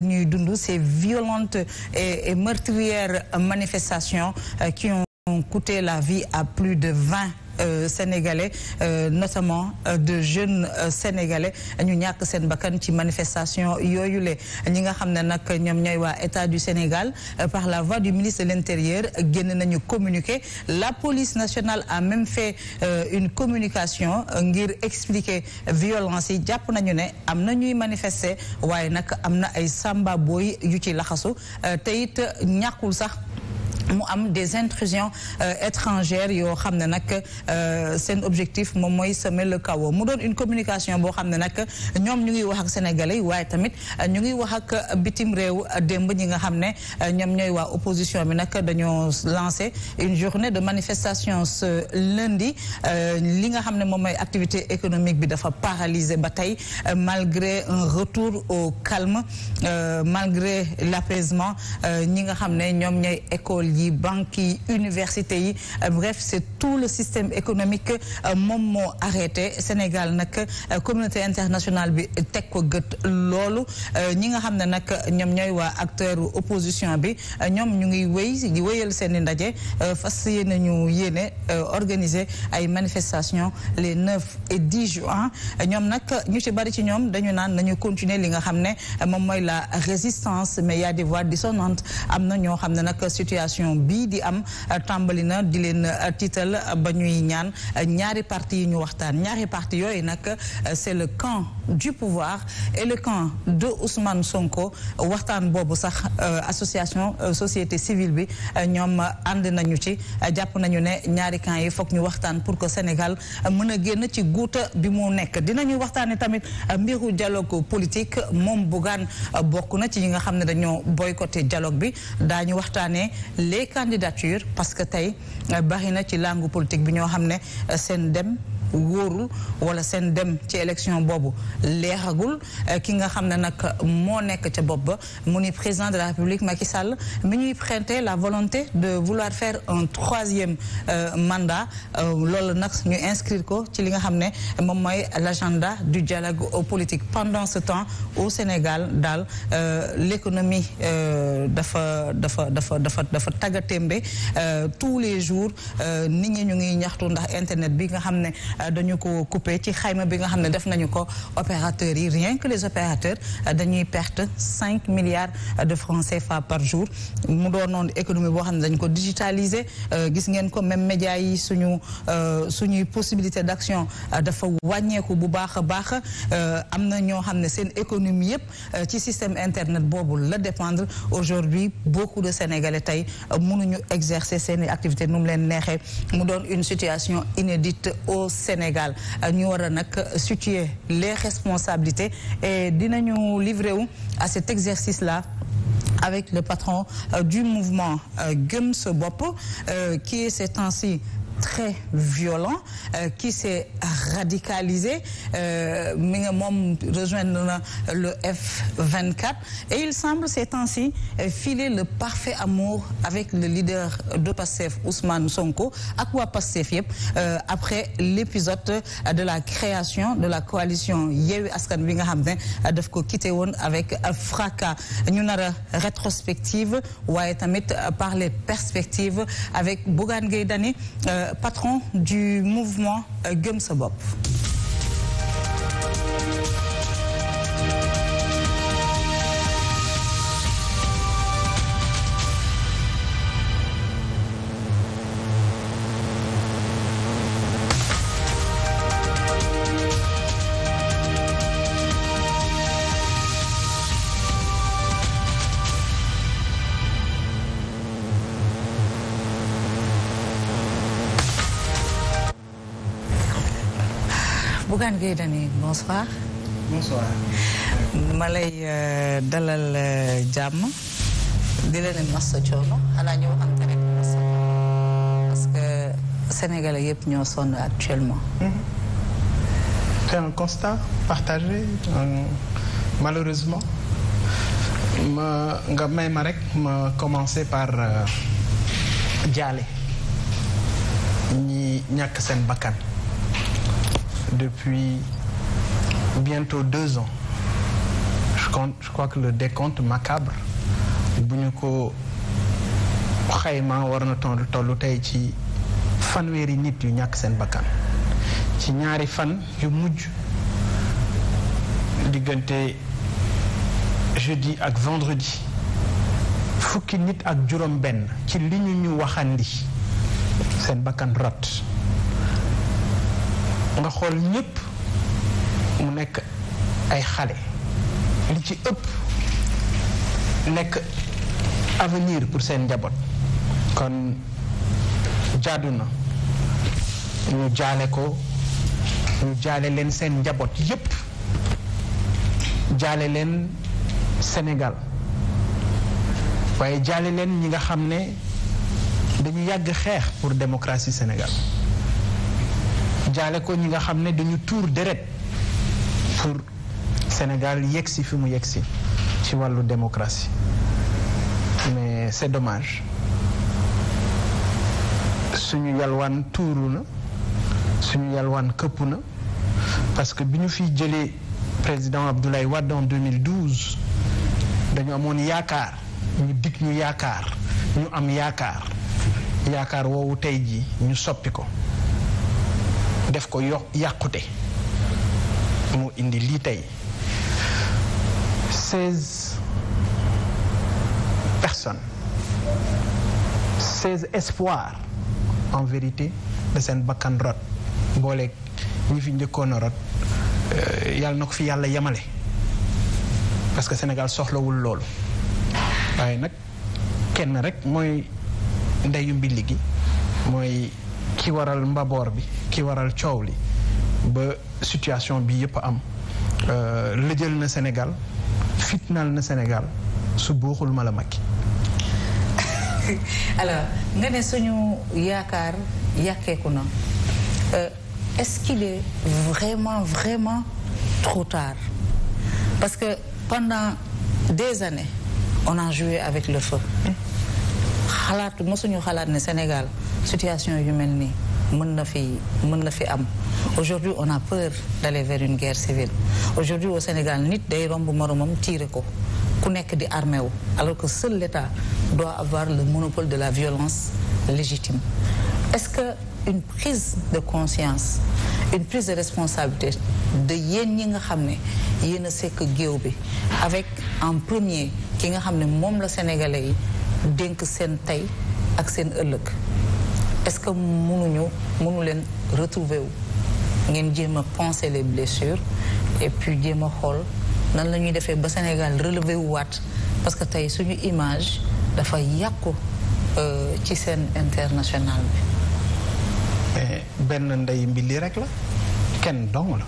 ñuy dund ces violentes et meurtrières manifestation euh, qui ont coûté la vie à plus de vingt Euh, sénégalais euh, notamment euh, de jeunes sénégalais ñu ñàkk seen bakkan ci manifestation yooyu le ñi nga xam ne nag ñoom ñooy waa état du Sénégal par la voix du ministre de l'intérieur génn nañu communiqué la police nationale a même fait une communication ngir expliquer violence yi jàpp nañu ne am na ñuy manifesté waaye nag am na ay samba boy yu ci laxasu te it ñàkkul sax mu am des intrusions euh, étrangères yoo xam ne nag euh, seen objectif moom mooy semer le chaos mu doon une communication boo xam ne nag ñoom ñu ngi wax ak sénégalais yi waaye tamit euh, ñu ngi wax ak bitim réew démb ñi nga xam ne ñoom ñooy waa opposition bi nag dañoo lancé une journée de manifestation ce lundi li nga xam ne moom mooy activité économique bi dafa paralysé ba tey malgré un retour au calme malgré l' apaisement ñi nga xam ne ñoom ñooy école ji banques yi université yi bref c'est tout le système économique euh, moom moo arrêté Sénégal nag euh, communauté internationale bi teg ko gët loolu euh, ñi nga xam ne nag ñoom ñooy waa acteur opposition bi ñoom ñu ngi wéy di wéyal seen i ndaje fas yéene ñu yéene organiser ay manifestations les 9 et 10 juin ñoom nag ñu ci bari ci ñoom dañu naan nañu continuer li nga xam ne moom mooy la résistance mais il y a am na ñoo xam ne nag situation élection bii di am euh, tàmbali na di leen euh, tiital euh, ba ñuy ñaan ñaari parti yi ñu waxtaan ñaari partie yooyu nag c'est le camp du pouvoir et le camp de Ousmane Sonko waxtaan boobu sax association société civile bi ñoom ànd nañu ci jàpp nañu ne ñaari camp yi foog ñu waxtaan pour que Sénégal mën a génn ci guuta bi mu nekk dinañuy waxtaane tamit mbiru dialogue politique moom Bougane bokk na ci ñi nga xam ne dañoo boycotté dialogue bi daañu waxtaane les candidatures parce que tey euh, bari na ci langue politique bi ñoo xam ne euh, seen dem wóorul wala seen dem ci élection boobu leexagul euh, ki nga xam ne nag moo nekk ca bopp ba mu ni président de la république Macky sàll mu ñuy prêter la volonté de vouloir faire un troisième euh, mandat euh, loolu nag ñu inscrire ko ci li nga xam ne moom mooy l'agenda du dialogue politique pendant ce temps au Sénégal daal l'économie dafa dafa dafa dafa dafa taggatémbe tous les jours nit ñi ñu ngi ñaxtu ndax internet bi nga xam ne dañu ko coupé ci xayma bi nga xam ne def nañu ko opérateurs yi rien que les opérateurs dañuy perte cinq milliards de francs fas par jour mu doonoon économie boo xam ne dañ ko digitaliser euh, gis ngeen ko même médias yi suñu euh, suñuy possibilité d'action euh, dafa wàññeeku bu baax a baax am na ñoo xam ne seen économie yëpp ci système internet boobu la dépendre aujourd'hui beaucoup de Sénégalais tey mu ñu exerce seen activité nu mu leen neexee mu doon une situation inédite Sénégal ñu war a nag situer les responsabilités et dinañu livrer wu à cet exercice là avec le patron euh, du mouvement euh, Sa Bopp euh, qui s'est ainsi très violent euh, qui s'est radicalisé euh, mi nga moom le F24 et il semble ces temps-ci euh, filer le parfait amour avec le leader de Pastef Ousmane ak waa Pastef yëpp euh, après l'épisode de la création de la coalition Yewwi Askan Wi nga xam ne daf ko quitté woon avec fracas ñu nar waaye tamit par les perspectives avec Bougane patron du mouvement euh, Gëm sa bopp Bougane Gueye Dany bonsoir. bonsoir. Euh, dalal euh, jàmm. di la ne massa coono xanaa ñu waxante rek massa parce que sénégalais yëpp ñoo sonn actuellement. Mm-hmm. c'est malheureusement. ma nga may ma rek ma commencer par euh, jaale ñi ñàkk seen bakkan. depuis bientôt deux ans je compte je crois que le décompte macabre bu ñu ko xayma war na toll tollu tey ci fanweeri nit yu ñàkk seen bakkan ci ñaari fan yu mujj diggante jeudi ak vendredi fukki nit ak juróom benn ci li ñu ñu waxandi seen bakkan rot nga xool ñëpp mu nekk ay xale li ci ëpp nekk avenir pour seen njaboot kon jaadu na ñu jaale ko ñu jaale leen seen njaboot yépp jaale leen Sénégal waaye jaale leen ñi nga xam ne dañu yàgg xeex pour démocratie Sénégal jaale ko ñi nga xam ne dañu tuur deret pour Sénégal yegsi fi mu yegsi ci wàllu démocratie mais c'est dommage suñu yalwaan tuuru na suñu yalwaan këpp na parce que bi ñu fi jëlee président Abdoulaye Wade en 2012 dañu amoon yaakaar ñu dig ñu yaakaar ñu am yaakaar yaakaar woowu tey ji ñu soppi ko def ko yo yàqute moo indi lii tey seize personnes seize espoirs en vérité de seen bakkan rot booleeg ñi fi njëkkoon a rot euh, yàlla na ko fi yàlla yemale parce que Sénégal soxlawul loolu waaye nag kenn rek mooy ndeyu mbi gi mooy ki waral mbaboor bi ki waral coow li ba situation bi yëpp am euh, lëjal na Sénégal fitnaal na Sénégal su buuxul ma la makki alors nga ne suñu yaakaar yàkkeeku na euh, est-ce qu'il est vraiment vraiment trop tard parce que pendant des années on a joué avec le feu xalaatu mosuñu xalaat ne Sénégal situation yu mel nii mën na fi mën na fi am aujourd'hui on a peur d'aller vers une guerre civile aujourd'hui au Sénégal nit day romb moromam tiire ko ku nekk di armé wu alors que seul l'État doit avoir le monopole de la violence légitime est-ce que une prise de conscience une prise de responsabilité de yéen ñi nga xam ne yéen a sekk géew bi avec en premier ki nga xam ne moom la sénégalais yi dénk seen tey ak seen ëllëg est-ce que mënuñu mënu leen retrouver wu ngeen jéem a penser les blessures et puis jéem a xool nan lañuy defee ba Sénégal relever wu waat parce que tey suñu image dafa yàqu euh, ci scène internationale bi. Eh, benn ndey mbi lii rek la kenn dong la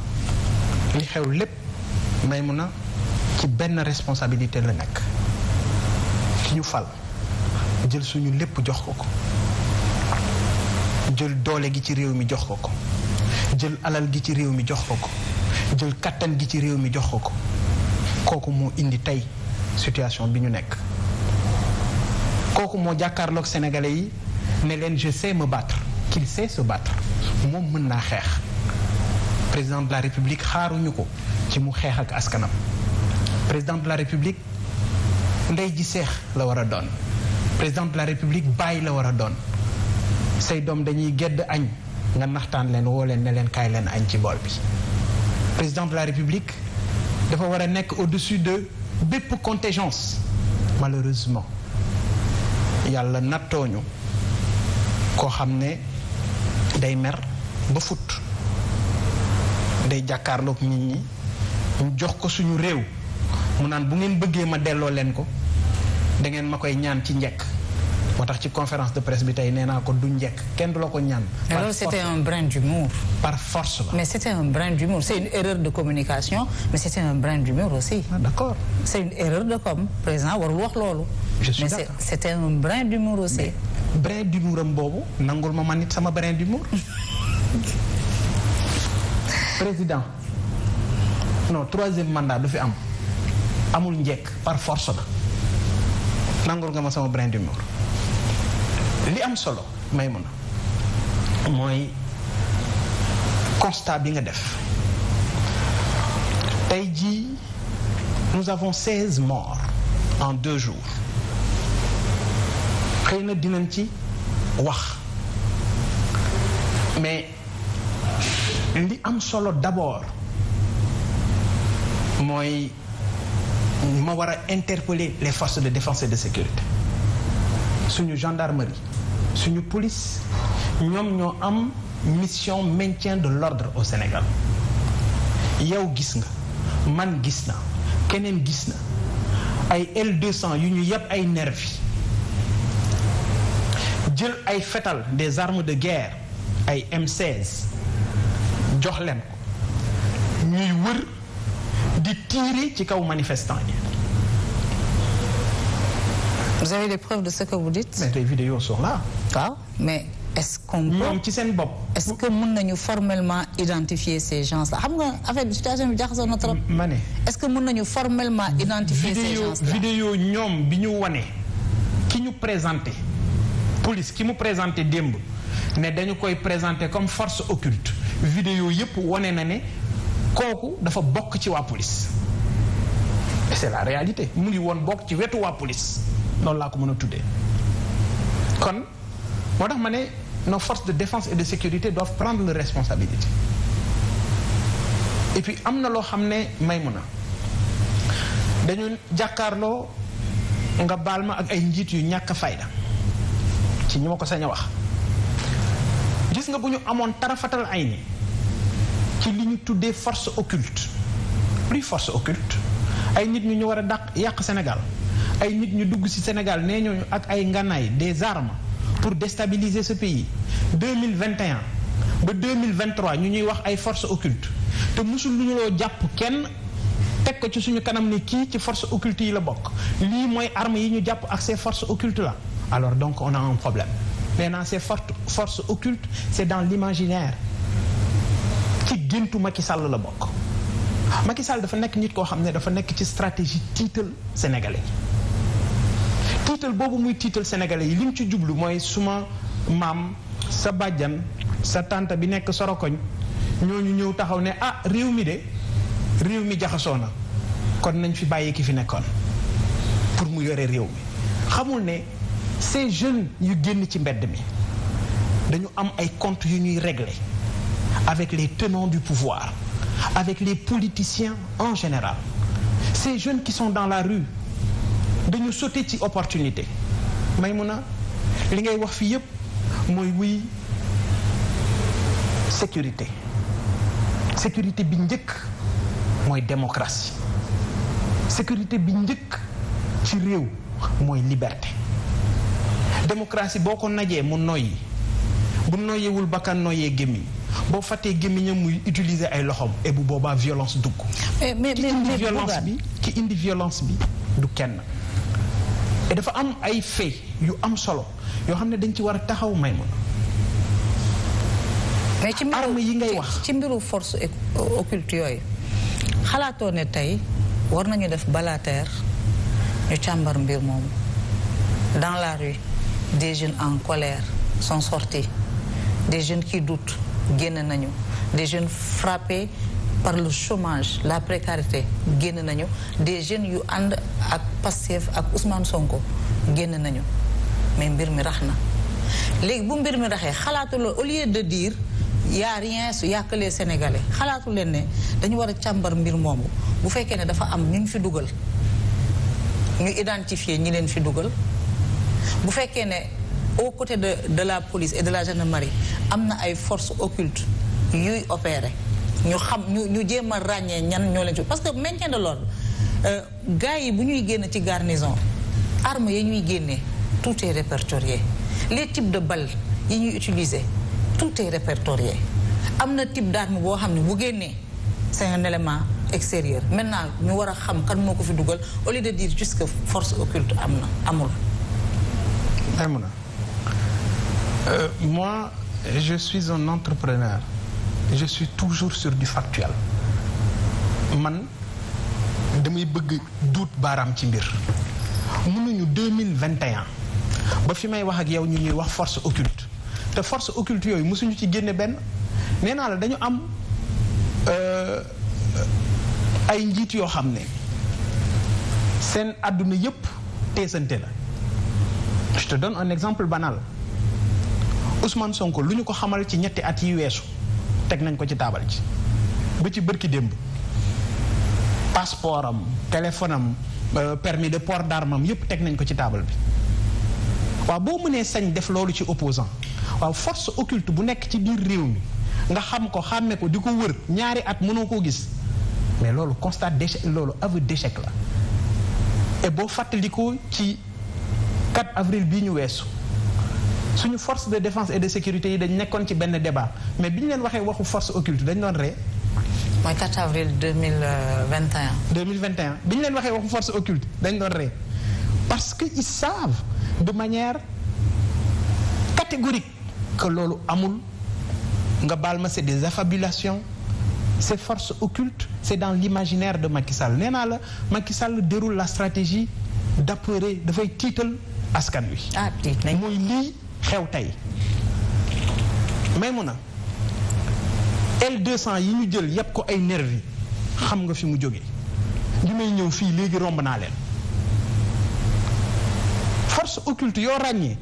li xew lépp may mun a ci benn responsabilité la nekk ki ñu fal jël suñu lépp jox ko ko. jël doole gi ci réew mi jox ko ko jël alal gi ci réew mi jox ko ko jël kattan gi ci réew mi jox ko ko kooku moo indi tey situation bi ñu nekk kooku moo jàkkaarloog sénégalais yi ne leen je sais me battre qu'il sait se battre moom mën naa xeex président de la république xaaruñu ko ci mu xeex ak askanam président de la république ndey ji seex la war a doon président de la république bàyyi la war a doon say doom dañuy gedd añ nga naxtaan leen woo leen ne leen kaay leen añ ci bool bi président de la république dafa war a nekk au-dessus de bépp contingence malheureusement yàlla nattooñu koo xam ne day mer ba fut day jàkkaarloog nit ñi ñu jox ko suñu réew mu naan bu ngeen bëggee ma delloo leen ko da ngeen ma koy ñaan ci njekk moo tax ci conférence de presse bi tey nee naa ko du njëkk kenn du la ko ñaan. alors c'était un par force la. mais c'était un brin d'humour c'est une erreur de communication mais c'était un brin d'humour aussi. Ah, d'accord c'est une erreur de com président wax loolu. je suis brin d'humour aussi. brin am boobu nangul ma man nit sama brin d'humour président non troisième mandat du fi am amul njëkk par force la nangul nga ma sama brin d'humour li am solo may mun a mooy constat bi nga def tey jii nous avons seize morts en deux jours xëy na dinañ ci wax mais li am solo d'abord mooy ma war a interpeller les forces de défense et de sécurité suñu gendarmerie suñu polis ñoom ñoo am mission maintien de l'ordre au Sénégal yow gis nga man gis na keneen gis na ay L200 yu ñu yëpp ay nervi jël ay fetal des armes de guerre ay M16 jox leen ko ñuy wër di tirer ci kaw manifestant yi vous avez des de ce que vous dites. mais les vidéos waaw mais est-ce qu'on ñoom ci seen bopp. est-ce que mën nañu formellement identifier ces gens là xam nga en fait situation bi jaxasoo na trop. ma ne est-ce que mun nañu formellement identifier ces gens là vidéo ñoom bi ñu wane. ki ñu présenté. police ki mu présenté démb ne dañu koy présenté comme force occulte vidéo yëpp wane na ne kooku dafa bokk ci waa police et c'est la réalité mu ngi woon bokk ci wetu waa police. noonu laa ko mën a tuddee kon moo tax ma ne nos force de défense et de sécurité doivent prendre leurs responsabilités et am na loo xam ne may mun a dañu jàkkaarloo nga baal ma ak ay njiit yu ñàkk fayda ci ñi ma ko sañ a wax gis nga bu ñu amoon tarafatal ay ni ci li ñu tuddee force occulte plus force occulte ay nit ñu ñu war a dàq yàq Sénégal ay nit ñu dugg ci Sénégal nee ñooñu ak ay ngànnaay des armes pour déstabiliser ce pays 2021 ba 2023 ñu ñuy wax ay forces occultes te musul lu ñu loo jàpp kenn teg ko ci suñu kanam ni kii ci force occulte yi la bokk lii mooy armes yi ñu jàpp ak ces forces occultes là alors donc on a un problème maintenant ces fortes forces occultes c'est dans l'imaginaire ci géntu Macky Sall la bokk Macky Sall dafa nekk nit koo xam ne dafa nekk ci stratégie tiital sénégalais tiital boobu muy tiital sénégalais yi li mu ci jublu mooy suma maam sa bàjjan sa tànta bi nekk sorokoñ ñooñu ñëw taxaw ne ah réew mi de réew mi jaxasoo na kon nañ fi bàyyi ki fi nekkoon pour mu yore réew mi xamul ne ces jeunes yu génn ci mbedd mi dañu am ay comptes yu ñuy régler avec les tenants du pouvoir avec les politiciens en général ces jeunes qui sont dans la rue dañu sauté ci opportunité may mun a li ngay wax fii yëpp mooy wuy sécurité sécurité bi njëkk mooy démocratie sécurité bi njëkk ci réew mooy liberté démocratie boo ko najee mu noyyi bu noyyewul bakkan noyyee gémmiñ boo fàttee gémmiñam muy utiliser ay loxoom et bu boobaa violence dugg. mais mais violence bi ki indi violence bi du kenn. dafa am ay fait yu am solo yoo xam ne dañ ci war a taxaw may ma mais ci mbiru arme yi ngay wax ci mbiru force occulte yooyu xalaatoo ne tey war nañu def balateer ñu càmbar mbir moom dans la rue des jeunes en colère sont sortis des jeunes qui doutent génne nañu des jeunes frappés par le chomage la précarité génn nañu des jeunes yu ànd ak Pastef ak Ousmane Sonko génn nañu mais mbir mi rax na léegi bu mbir mi raxee xalaatuloo au lieu de dire y a rien su yàqalee sénégalais xalaatu leen ne dañu war a càmbar mbir moomu bu fekkee ne dafa am ñu ñu fi dugal ñu identifier ñi leen fi dugal bu fekkee ne au côté de de la police et de la gendarmerie am na ay force occultes yuy opérer ñu xam ñu ñu jéem a ràññee ñan ñoo leen ci parce que maintien de l'ordre euh, gars yi bu ñuy génn ci garnison armes yi ñuy génnee tout est répertorié les types de balles yi ñuy utiliser tout est répertorié am na type d'arme boo xam ne bu génnee c'est un élément extérieur maintenant ñu war a xam kan moo ko fi dugal au lieu de dire juste que force occulte am na amul. Maïmouna, euh, moi je suis un entrepreneur. je suis toujours sur du factuel man damay bëgg duut baaraam ci mbir mënuñu deux mille vingt et ba fi may wax ak yow ñu ñuy wax force occulte te force occulte yooyu mosuñu ci génne benn nee naa la dañu am euh, ay njiit yoo xam ne seen àdduna yëpp teesante la je te donne un exemple banal Ousmane Sonko lu ñu ko xamal ci ñetti at yi weesu teg nañ ko ci taabal ji ba ci bërki démb passeport am téléphone am euh, permis de port d'arme am yépp teg nañ ko ci taabal bi waaw boo mënee sañ def loolu ci opposant waaw force occulte bu nekk ci biir réew mi nga xam ko xàmme ko di ko wër ñaari at mënoo koo gis mais loolu constat d'échec loolu aveu d'échec la et boo fàttalikoo ci 4 avril bii ñu weesu suñu force de défense et de sécurité yi dañ nekkoon ci benn débat mais bi ñu leen waxee waxu force occulte dañ doon ree mooy 4 avril 2021. 2021 bi ñu leen waxee waxu force occulte dañ doon ree parce que ils savent de manière catégorique que loolu amul nga baal ma c'est des affabulations ces force occultes c'est dans l'imaginaire de Macky Sall nee naa la Macky Sall déroule la stratégie d'apeurer dafay tiital askan wi. Ah, mooy lii. xew tey may mun a L200 yi ñu jël yépp ko ay nervi xam nga fi mu jógee bi may ñëw fii léegi romb naa leen force occulte yoo ràññee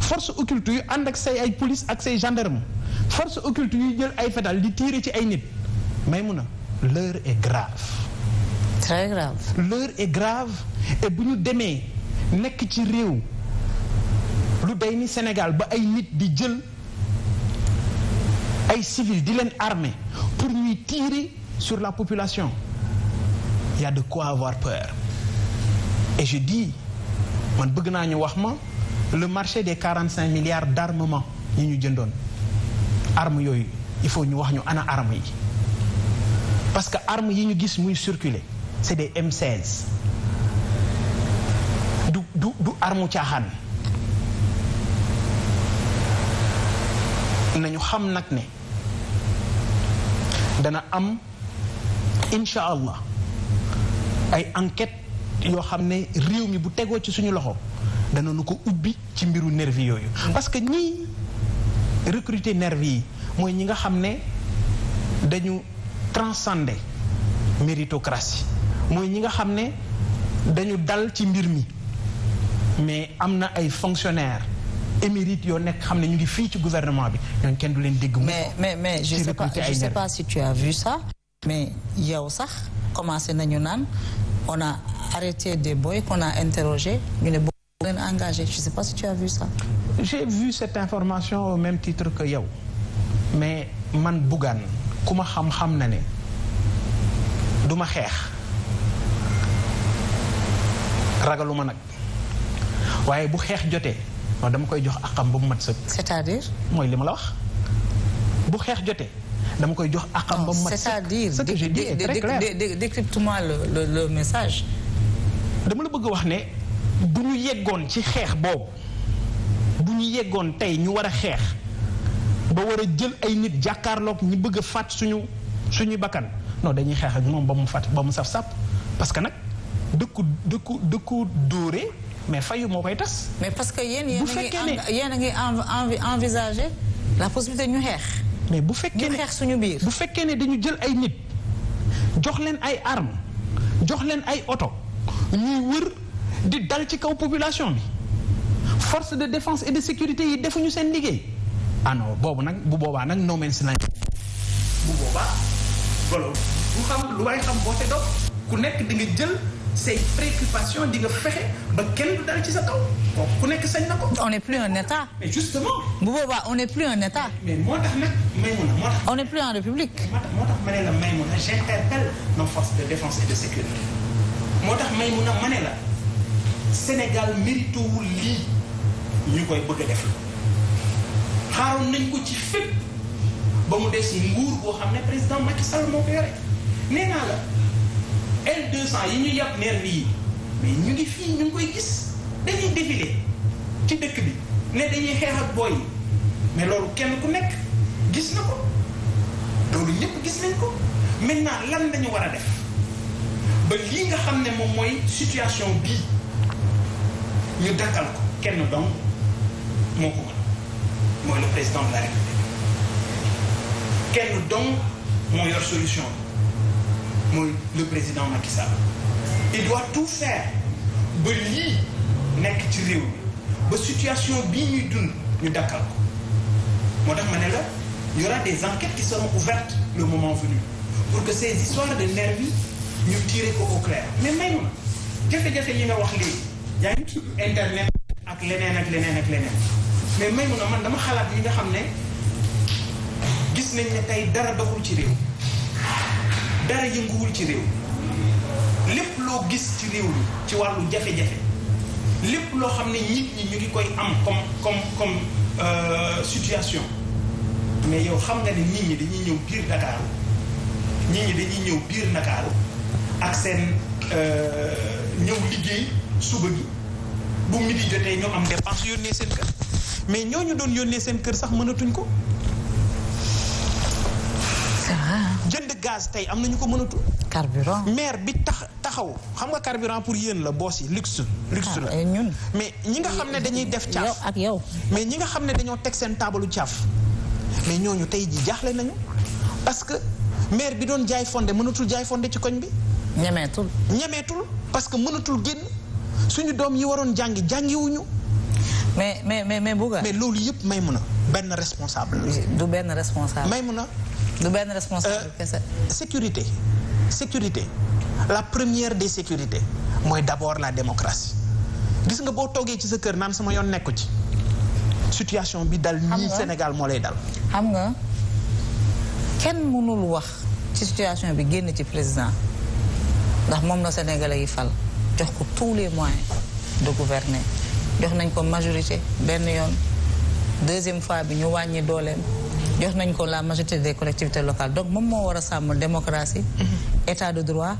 force occulte yu ànd ak say ay police ak say gendarme force occulte yuy jël ay fetal di tiire ci ay nit may mun a l'heure et grave très et l'heure grave et bu ñu demee nekk ci réew day ni Sénégal ba ay nit di jël ay civils di leen armé pour ñuy tirer sur la population il y de quoi avoir peur et je dis man bëgg naa ñu wax ma le marché des quarante cinq milliards darmement armement yi ñu jëndoon armes yooyu il faut ñu wax ñu ana arme yi parce que armes yi ñu gis muy circuler c' est des M16 du du du caaxaan. nañu xam nag ne dana am incha allah ay enquête yoo xam ne réew mi bu tegoo ci suñu loxo dana nu ko ubbi ci mbiru nervi yooyu parce que ñiy recruter nervi yi mooy ñi nga xam ne dañu transcender méritocratie mooy ñi nga xam ne dañu dal ci mbir mi mais am na ay fonctionnaires émérite yoo nekk xam ne ñu ngi fii ci gouvernement bi ñooñu kenn du leen dégg. mais mais mais je sais pas je sais pas si tu as vu ça. mais yow sax commencé nañu naan on a arrêté des boys qu'on a interrogé ñu ne boo leen engagé je sais pas si tu as vu ça. j'ai vu titre que yow mais man Bougane ku ma xam-xam na ne duma xeex ragaluma nag waaye bu xeex jotee. non dama koy jox akam ba mu mat sëkk. cest mooy li ma la wax bu xeex jotee. dama koy jox akam ba mu mat sëkk c'est-à-dire message. dama la bëgg wax ne bu ñu yeggoon ci xeex boobu bu ñu yeggoon tey ñu war a xeex ba war a jël ay nit jàkkaarloog ñi bëgg a faat suñu suñuy bakkan non dañuy xeex ak moom ba mu faat ba mu saf sàpp parce que nag dëkku dëkku dëkku dóore. mais fayu moo koy tas. mais parce que yéen yéen a ngi envisager la possibilité ñu xeex. mais bu fekkee ne xeex suñu biir. bu fekkee ne dañu jël ay nit jox leen ay arm jox leen ay oto ñuy wër di dal ci kaw population bi force de défense et de sécurité yi defuñu seen liggéey ah boobu nag bu boobaa nag no man's land bu boobaa loolu bu xam lu waay xam boo te dox ku nekk di nga jël. say préoccupations di nga fexe ba kenn du dal ci sa kaw kooku ku nekk sañ na ko. on n'est plus un état. mais justement. bu boobaa on n'est plus un état. mais moo tax nag Maïmouna moo tax. on n'est plus en république. moo tax ma ne la Maïmouna j'interpelle nos forces de défense et de sécurité moo tax Maïmouna ma ne la Sénégal mérite wul lii ñu koy bëgg a def xaaroon nañ ko ci fépp ba mu des nguur boo xam ne président Macky Sall moo ko yore nee naa la. L200 yi ñu yàpp nervi yi mais ñu ngi fii ñu ngi koy gis dañuy défilé ci dëkk bi ne dañuy xeex ak booy yi mais loolu kenn ku nekk gis na ko loolu ñëpp gis nañ ko maintenant lan lañu war a def ba lii nga xam ne moom mooy situation bi ñu dakkal ko kenn donc moo ko mën mooy le président de kenn donc moo yor solution mooy le président Macky Sall il doit tout faire ba lii nekk ci réew mi ba situation bi ñuy dund ñu dakkal ko moo tax ma ne la y aura des enquêtes qui seront ouvertes le moment venu pour que ces histoires de nervis ñu tirer ko au clair mais may ma jafe-jafe yi nga wax léegi yaa ngi tudd internet ak leneen ak leneen ak leneen mais may mun a man dama xalaat yi nga xam ne gis nañ ne tey dara doxul ci réew dara yënguwul ci réew lépp loo gis ci réew mi ci wàllu jafe-jafe lépp loo xam ne nit ñi ñu ngi koy am comme comme comme euh, situation mais yow xam na ne nit ñi dañuy ñëw biir Dakar nit ñi dañuy ñëw biir Dakar ak seen euh, ñëw liggéey suba gi bu midi jotee ñoo am dépense yónnee seen kër mais ñoo ñu doon yónnee seen kër sax mënatuñ ko. gaz tey am na ñu ko mënatu. carburant maire bi tax taxaw xam nga carburant pour yéen la boos yi luxe. luxe la ah, mais ñi nga xam ne dañuy def. caaf ak yow. mais ñi nga xam ne dañoo teg seen taabalu caaf. mais ñooñu tey ji jaaxle nañu parce que maire bi doon jaay fonde mënatul jaay fonde ci koñ bi. ñemeetul. ñemeetul parce que mënatul génn suñu doom yi waroon jàngi jàngiwuñu. mais mais mais mais Bouga. mais loolu yëpp may mun a benn responsable. du benn responsable may mun a. du benn responsable euh, kese. sécurité sécurité la première de sécurité mooy d'abord la démocratie gis nga boo toogee ci sa kër naan sama yoon nekku ci situation bi dal nii Sénégal moo lay dal. xam nga kenn mënul wax ci situation bi génn ci président ndax moom la Sénégalais yi fal jox ko tous les moyens de gouverner jox nañ ko majorité benn yoon deuxième fois bi ñu wàññi dooleem. jox nañ ko la majorité des collectivités locales donc moom moo war a sàmm démocratie mhm. état de droit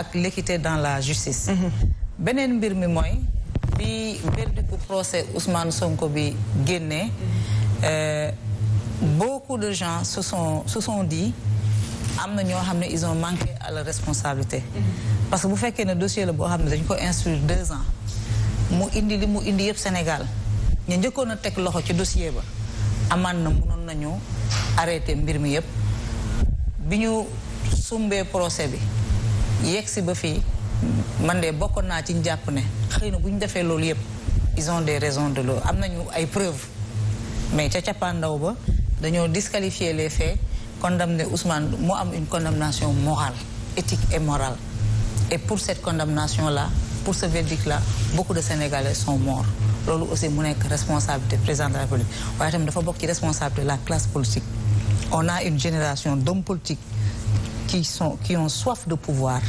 ak l'équité dans la justice mhm. beneen mbir mi mooy bi verdict bu procès Ousmane Sonko bi génnee euh, beaucoup de gens se sont se sont am na ñoo xam ne ils ont manqué à la responsabilité mhm. parce que bu fekkee ne dossier la boo xam ne dañ ko instruire deux ans mu indi li mu indi yëpp Sénégal ñu njëkkoon a teg loxo ci dossier ba amaan na mu mënoon nañu arrêté mbir mi yépp bi ñu sumbee procès bi yegg si ba fii man de bokkoon naa ci njàpp ne xëy na bu ñu defee loolu yépp ils ont des raisons de loolu am nañu ay preuves mais ca cappaandaw ba dañoo disqualifier les faits condamné Ousmane mu am une condamnation morale éthique et morale et pour cette condamnation la pour ce verdict la beaucoup de Sénégalais sont morts loolu aussi mu nekk responsabilité président de la République waaye tamit dafa bokk ci responsabilité la classe politique on a une génération d'hommes politiques qui sont qui ont soif de pouvoir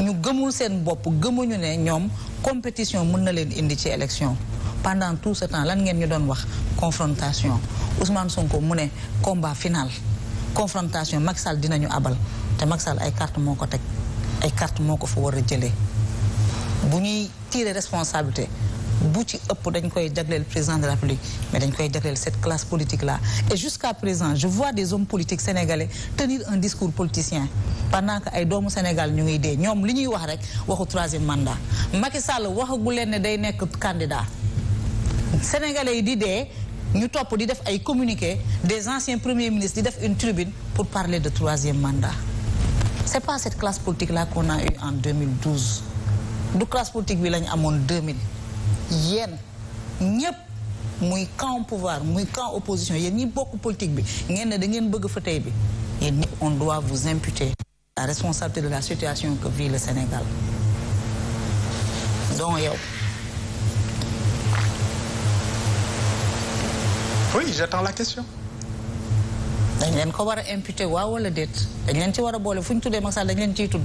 ñu gëmul seen bopp gëmuñu ne ñoom compétition mun na leen indi ci élection pendant tout ce temps lan ngeen ñu doon wax confrontation Ousmane Sonko mu ne combat final confrontation Macky Sall dinañu abal te Macky ay carte moo ko teg ay carte moo ko fa war a jëlee bu ñuy tirer responsabilité bu ci ëpp dañ koy jagleel président de la République mais dañ koy jagleel cette classe politique là et jusqu'à présent je vois des hommes politiques sénégalais tenir un discours politicien pendant que ay doomu Sénégal ñu ngi dee ñoom li ñuy wax rek waxu troisième mandat Macky Sall waxagu leen ne day nekk candidat sénégalais yi di dee ñu topp di def ay communiqué des anciens premiers ministres di def une tribune pour parler de troisième mandat c'est pas cette classe politique là qu'on a eu en 2012 du classe politique bi lañu amoon 2000 yéen ñëpp muy camp pouvoir muy camp opposition yéen ñi bokk politique bi ngeen ne da ngeen bëgg fa tey bi yéen ñëpp on doit vous imputer la responsabilité de la situation que vit le Sénégal donc yow. oui j'attends la question. dañ leen ko war a imputer waaw wala déet dañ leen ci war a boole fu ñu tuddee Macky Sall dañ leen ciy tudd.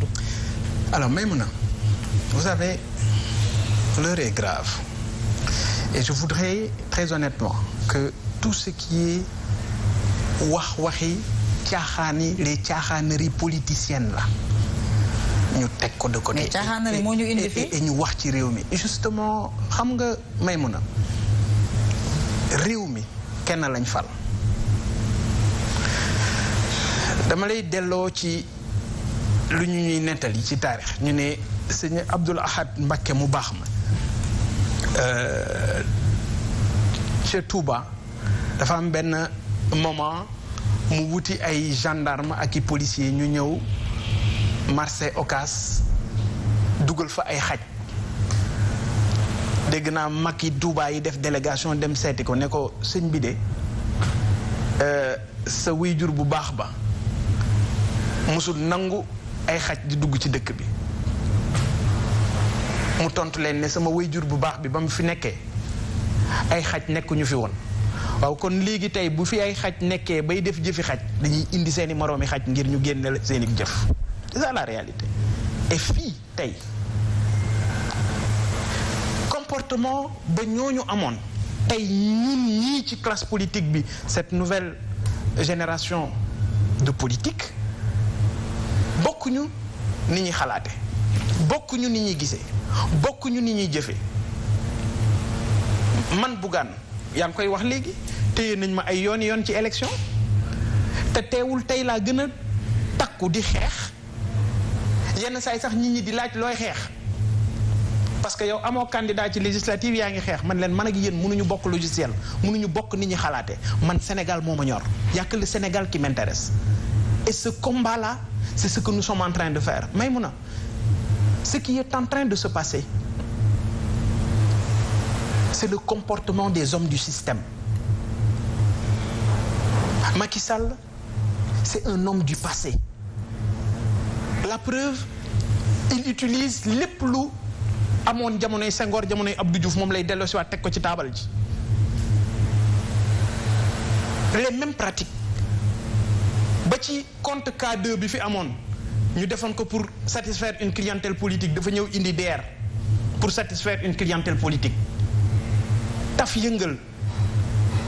alors Maïmouna vous avez l'heure est grave. et je voudrais très honnêtement que tout ce qui est wax waxi caaxaani les caaxaanari politiciennes la ñu teg ko de côté. mais caaxaanari moo ñu indi fii ñu wax ci réew mi. justement xam nga may mun a réew mi kenn lañ fal dama lay delloo ci lu ñu ñuy nettali ci taarix ñu ne sëñ Abdoul Ahad Mbacké mu baax ma. Euh, ca Touba dafa am benn moment mu wuti ay gendarme ak i policiers ñu ñëw marché Ocass dugal fa ay xaj dégg naa mag yi Touba yi def délégation dem seeti ko ne ko sëñ bi de euh, sa wuy jur bu baax ba mosul nangu ay xaj di dugg ci dëkk bi mu tontu leen ne sama wayjur bu baax bi ba mu fi nekkee ay xaj nekkuñu fi woon waaw kon léegi tey bu fi ay xaj nekkee bay def jëfi xaj dañuy indi seeni moroomi xaj ngir ñu génne seeni jëf c'est ça la réalité et fii tey comportement ba ñu amoon tey ñun ñii ci classe politique bi cette nouvelle génération de politique bokkuñu ni ñuy xalaate bokk ñu ni ñuy gisee bokk ñu ni ñuy jëfe man Bougane yaa ngi koy wax léegi téye nañ ma ay yoon yoon ci élection te teewul tey laa gën a takku di xeex yenn saay sax nit ñi di laaj looy xeex parce que yow amoo candidat ci législative yaa ngi xeex man leen man ak yéen mënuñu bokk logiciel mënuñu bokk nit ñi xalaate man Sénégal moo ma ñor yàq le Sénégal qui m'intéresse et ce comme là c'est ce que nous en train de faire may mun a ce qui est en train de se passer c'est le comportement des hommes du système Macky Sall c'est un homme du passé la preuve il utilise lépp lu amoon jamonoy Senghor jamonoy Abdou Diouf moom lay delloosi waat teg ko ci taabal ji les même pratique ba ci compte k bi fi amoon ñu defoon ko pour satisfaire une clientèle politique dafa ñëw indi DER pour satisfaire une clientèle politique taf yëngal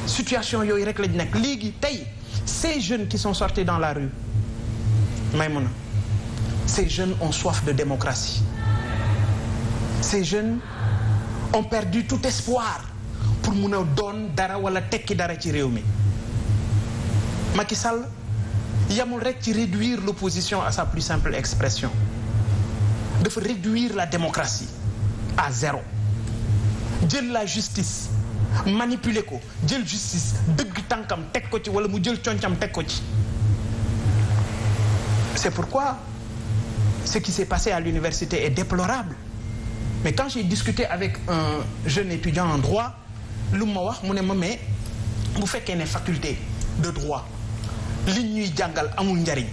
situation yooyu rek lañ nekk léegi tey ces jeunes qui son sortis dans la rue Maïmouna ces jeunes ont soif de démocratie ces jeunes ont perdu tout espoir pour mun a doon dara wala tekki dara ci réew mi Macky yamul rek ci réduire l'opposition à sa plus simple expression dafa réduire la démocratie à zéro jël la justice manipuler ko jël justice dëgg tànkam teg ko ci wala mu jël concam teg ko ci c'est pourquoi ce qui s'est passé à l'université est déplorable mais quand j'ai discuté avec un jeune étudiant en droit lu ma wax mu ne ma mais bu fekkee ne faculté de droit li ñuy jàngal amul njariñ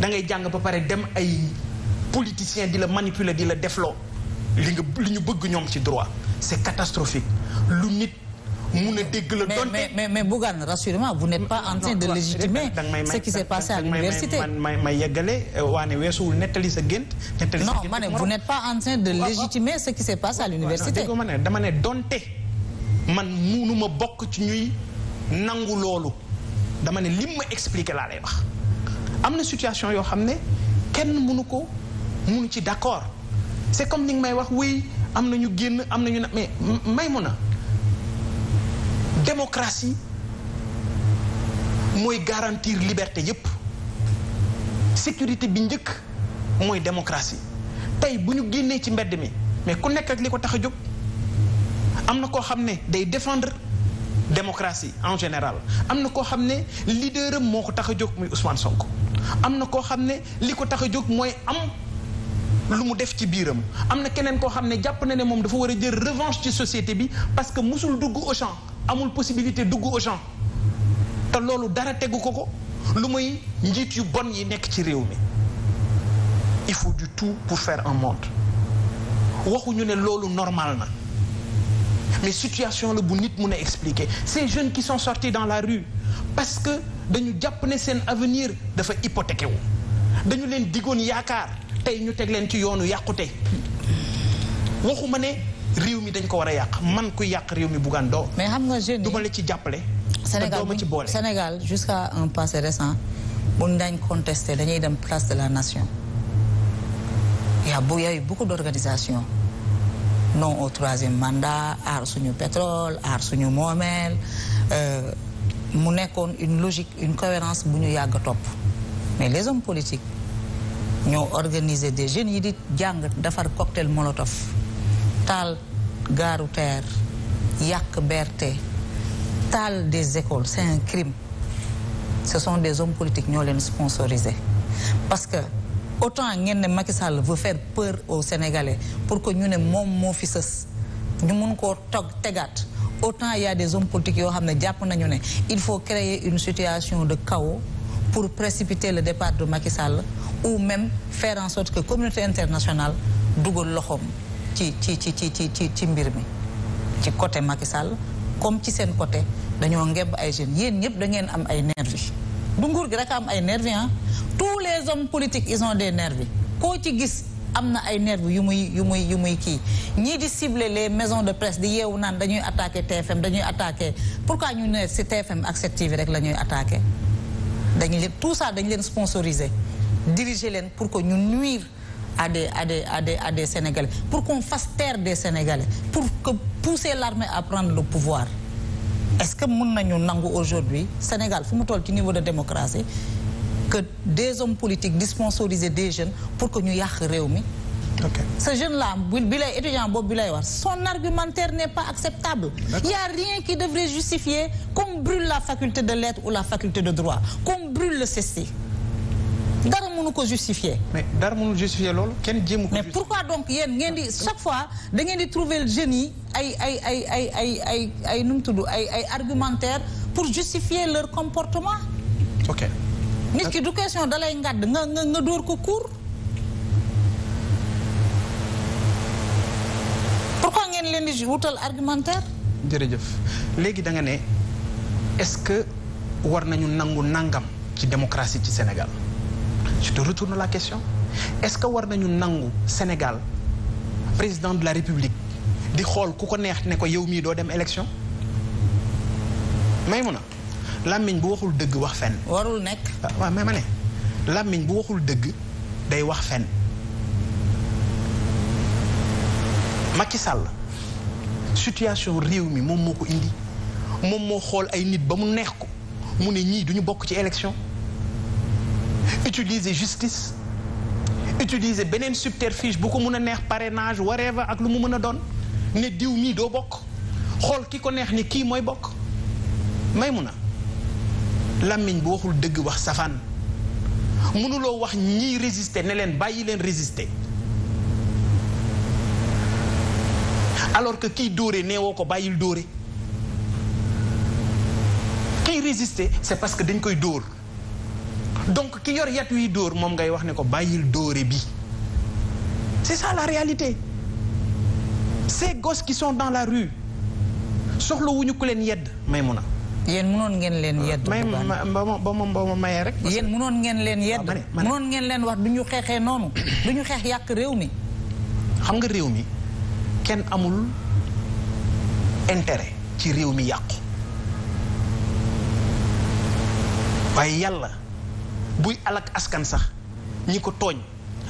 da ngay jàng ba pare dem ay politicien di la manipuler di la def loo li nga li ñu bëgg ñoom ci droit c'est catastrophique lu nit mun a dégg la donte mais mais mais Bougane rassurez-moi vous n'êtes pas en train de légitimer ce qui s'est passé à l'université may may yeggale waane nettali sa gént nettali sa gént non ma ne vous n'êtes pas en train de légitimer ce qui s'est passé à l'université dama ne dama ne donte man munuma bokk ci ñuy nangu loolu dama ne lim ma expliqué laa lay wax am na situation yoo xam ne kenn mënu ko mënu ci d'accord c'est comme ni nga may wax oui am na ñu génn am na ñu na mais may mun a démocratie mooy garantir liberté yépp sécurité bi njëkk mooy démocratie tey bu ñu génnee ci mbedd mi mais ku nekk ak li ko tax a jóg am na koo xam ne day défendre démocratie en général am na koo xam ne leader am moo ko tax a jóg muy Ousmane Sonko am na koo xam ne li ko tax a jóg mooy am lu mu def ci biiram am na keneen koo xam ne jàpp na ne moom dafa war a jër revanche ci société bi parce que musul dugg au amul possibilité dugg au te loolu dara tegu ko ko lu muy njiit yu bon yi nekk ci réew mi il faut du tout pour fair un monde waxuñu ne loolu normal na mais situation la bu nit mun a expliquer ces jeunes qui sont sortis dans la rue parce que dañu jàpp ne seen avenir dafa hypothéqué wu dañu leen digoon yaakaar tey ñu teg leen ci yoonu yàqute waxuma ne réew mi dañ ko war a yàq man ku yàq réew mi buggaan doo mais xam nga jeune du ma la ci jàppale Sénégal ma ci boole Sénégal jusqu'à un passé récent buñ daañ contesté dañuy dem place de la nation y a bu beaucoup d'organisations non au troisième mandat aar suñu pétrole aar suñu moomeel euh, mu nekkoon une logique une cohérence bu ñu yàgg topp mais les hommes politiques ñoo organiser des jeunes yi di jàng defar cocktail molotov taal garu terre yàq berte taal des écoles c'est un crime ce sont des hommes politiques ñoo leen sponsorisé autant ngeen ne Macky Sall veut faire peur aux Sénégalais pour que ñu ne moom moo fi sës ñu mun koo tog tegaat autant y a des hommes politiques yoo xam ne jàpp nañu ne il faut créer une situation de chaos pour précipiter le départ de Macky Sall ou même faire en sorte que communauté internationale dugal loxoom ci ci ci ci ci ci ci mbir mi ci côté Macky comme ci seen côté dañoo ngebb ay jeunes yéen ñëpp da ngeen am ay nervi du nguur gi rek am ay nervi ah tous les hommes politiques ils ont des nervis koo ci gis am na ay nervi yu muy yu muy yu muy kii ñii di cibler les maisons de presse di yeewu naan dañuy attaquer TFM dañuy attaquer pourquoi ñu ne si TFM ak 7 rek la ñuy attaquer dañu leen tous ça dañu leen sponsoriser diriger leen pour que ñu nuire à des à des à des à des Sénégalais pour pour que pousser l'armée à prendre le pouvoir est-ce que mën nañu nangu aujourd'hui Sénégal fu mu toll ci niveau de démocratie que des hommes politiques di des jeunes pour que ñu yàq réew mi ok ce jeune là bi lay étudiant boobu bi lay war son argumentaire n'est pas acceptable. il y a rien qui devrait justifier qu'on brûle la faculté de lettres ou la faculté de droit qu'on brûle le CESTI. dara mënu ko justifier. mais dara mënul justifier loolu kenn jéemu ko. mais pourquoi donc yéen ngeen di chaque fois da ngeen di trouvel jeunes yi ay ay ay ay ay ay ay nu tudd ay ay argumentaire pour justifier leur comportement. ok. nit ki du question dalay ngàdd nga nga nga dóor ko kuur. pourquoi ngeen leen di wutal argumentaire. jërëjëf léegi da nga ne est-ce que war nañu nangu nangam ci démocratie ci Sénégal. je te retourne la question est-ce que war nañu nangu Sénégal président de la République di xool ku ko neex ne ko yow mii doo dem élection may mun a làmmiñ bu waxul dëgg wax fenn warul nekk ah, waaw mais ma ne làmmiñ bu waxul dëgg day wax fenn Macky Sall situation réew mi moom moo ko indi moom moo xool ay nit ba mu neex ko mu ne ñii duñu bokk ci élection utiliser justice utiliser beneen subterfuge bu ko mun a neex parrainage whatever ak lu mu mën a doon ne diw mii doo bokk xool ki ko neex ni kii mooy bokk may mun a làmmiñ bu waxul dëgg wax safaan mënuloo wax ñii résister ne leen bàyyi leen résister alors que kii dóore nee woo ko bàyyil dóore kiy résister c'est parce que dañ koy dóor donc ki yor yat wiy dóor moom ngay wax ne ko bàyyil dóore bi c'est ça la réalité ces gosses qui sont dans la rue soxla wu ñu ku leen yedd may mun a yéen mënoon euh, ngeen leen yedd may ah, ba ma ba rek yéen mënoon ngeen leen yedd mënoon ngeen leen wax du ñu xeexee noonu du ñu xeex yàq réew mi xam nga réew mi kenn amul intéret ci réew mi yàqu waaye yàlla buy alak askan sax ñi ko tooñ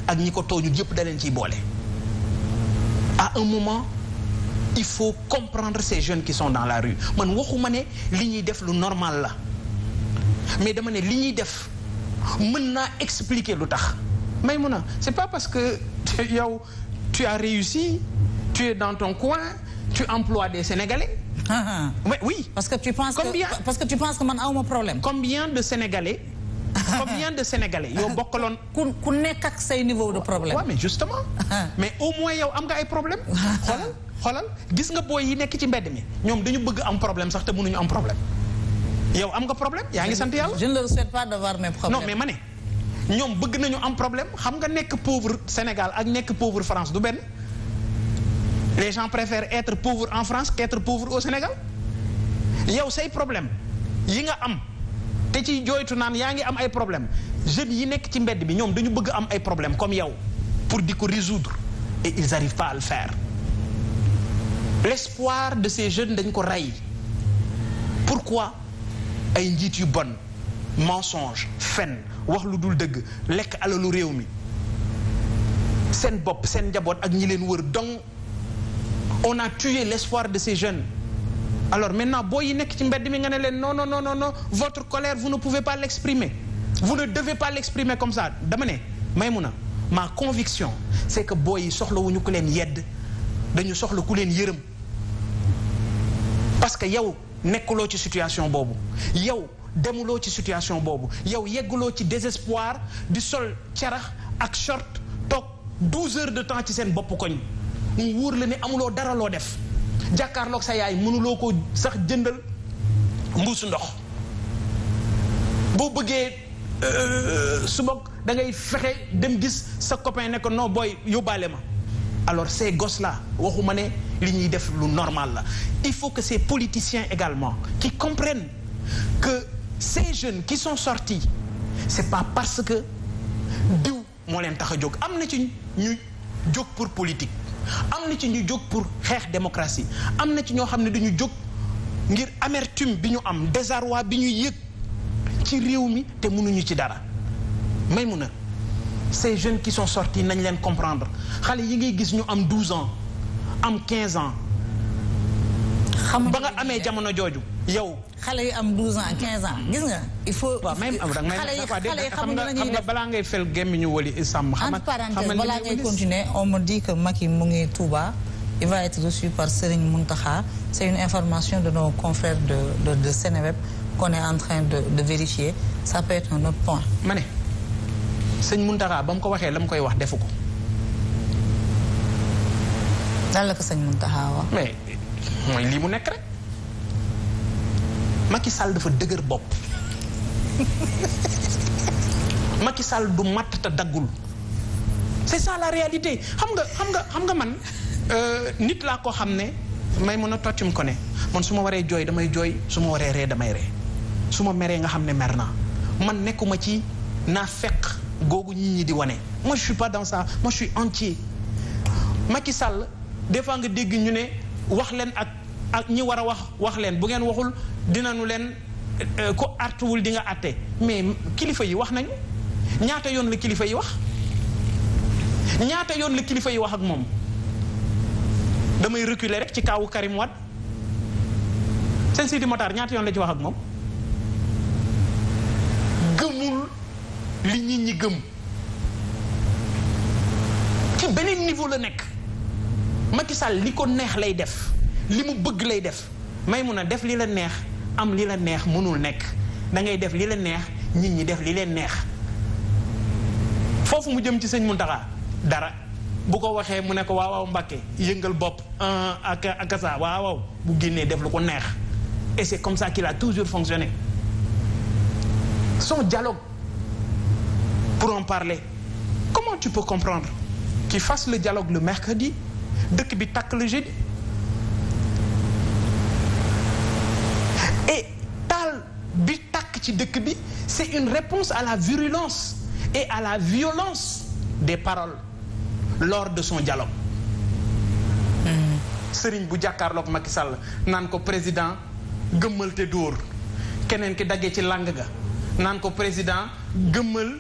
ak ñi ko tooñu yëpp da ciy boole a un moment il faut comprendre ces jeunes qui sont dans la rue man waxuma ne li ñuy def lu normal la mais dama ne li ñuy def mën naa expliquer lu tax may mun a c'est pas parce que yow tu as réussi tu es dans ton coin tu emploies des Sénégalais ah, ah. mais oui parce que tu penses que parce que tu penses que man awma problème combien de Sénégalais combien de sénégalais yow bokkaloon. ku ku nekk ak say niveau de problème. waaw mais justement. mais au moins yow am nga ay problème xoolal xoolal gis nga booy yi nekk ci mbedd mi ñoom dañu bëgg am problème sax te mënuñu am problème. yow am nga problème yaa ngi sant yàlla. je ne le souhaite pas d'avoir mes problèmes. mais ma ne ñoom bëgg nañu am problème xam nga nekk pauvre Sénégal ak nekk pauvre France du benn. les gens préfèrent être pauvres en France qu'être pauvres au Sénégal yow say problème yi nga am. te ci jooytu naan yaa ngi am ay problème jeunes yi nekk ci mbedd bi ñoom dañu bëgg am ay problème comme yow pour di ko résoudre et ils arrivent pas à le l'espoir de ces jeunes dañ ko rey pourquoi ay njiit yu bon mensonge fen wax lu dul dëgg lekk alalu réew mi seen bopp seen njaboot ak ñi leen wër donc on a tué l'espoir de ces jeunes alors maintenant boo yi nekk ci mbedd mi nga ne leen non no non non votre colère vous ne pouvez pas l'exprimer vous ne devez pas l'exprimer comme ça dama ne mun a ma conviction c'est que boo yi soxlawuñu ku leen yedd dañu soxla ku leen yërëm parce que yow nekkuloo ci situation boobu yow demuloo ci situation boobu yow yegguloo ci désespoir di sol carax ak short toog 12 heures de temps ci seen bopp koñ mu wóor la ne amuloo dara loo def jàkkaarloog sa yaay mënuloo ko sax jëndal mbuusu ndox boo bëggee euh, suba da ngay fexe dem gis sa copain ne ko non booy yóbbaale ma alors ces gosses là waxuma ne li ñuy def lu normal la il faut que ces politiciens également qui comprennent que ces jeunes qui sont sortis c'est pas parce que diw moo leen tax a jóg am na ci ñu jóg pour politique am na ci ñu jóg pour xeex démocratie am na ci ñoo xam ne dañu jóg ngir amertume bi ñu am désarroi bi ñuy yëg ci réew mi te mënuñu ci dara may mun a ces jeunes qui son sortis nañ leen comprendre xale yi ngay gis ñu am 12 ans am 15 ans xam ba nga amee jamono jooju yow. xale yi am 12 ans 15 ans gis nga il faut. waaw même am rek may xam nga balaa ngay fel gémmiñu wali isam. entre parenthèses balaa ngay continuer on me dit que Macky mu ngi Touba. il va être reçu par Serigne Mountakha c'est une information de nos confrères de de de Seneweb qu'on en train de de vérifier ça peut être point. ma ne sëñ Mountakha ba mu ko waxee la mu koy wax defu ko. lan la ko sëñ Mountakha wax. mooy lii mu nekk rek Macky Sall dafa dëgër bopp Macky Sall du matt te daggul c'est ça la réalité xam nga xam nga xam nga man euh, nit laa ko xam ne may mën a toctum ko ne man su ma waree jooy damay jooy su ma waree ree damay ree su ma meree nga xam ne mer naa man nekkuma ci naa fekk googu nit ñi di wane moi je suis pas dans ça moi je entier Macky Sall des fois nga dégg ñu ne wax leen ak ak ñi war a wax wax leen bu ngeen waxul dinañu leen euh, ku artuwul di nga àtte mais kilifa yi wax nañu ñaata yoon la kilifa yi wax ñaata yoon la kilifa yi wax ak moom damay reculer rek ci kaawu Karim Wade seen Sidi Motaar ñaata yoon la ci wax ak moom gëmul li nit ñi gëm ci beneen niveau la nekk Macky Sall li ko neex lay def li mu bëgg lay def may mun a def li la neex am li la neex mënul nekk da ngay def li la neex nit ñi def li leen neex foofu mu jëm ci sëñ Mountakha dara bu ko waxee mu ne ko waaw waaw Mbàkke yëngal bopp ah, ak ak sa waaw waaw bu génnee def lu ko neex et c'est comme ça qu'il a toujours fonctionné son dialogue pour en parler comment tu peux comprendre qu'il fasse le dialogue le mercredi dëkk bi tàkk la jeudi et taal bi tàkk ci dëkk bi c'est une réponse à la virulence et à la violence des paroles lors de son dialogue mm. sëriñ bu jàkkaarloog Macky Sall naan ko président gëmmal te dóor keneen ki daggee ci làng ga naan ko président gëmmal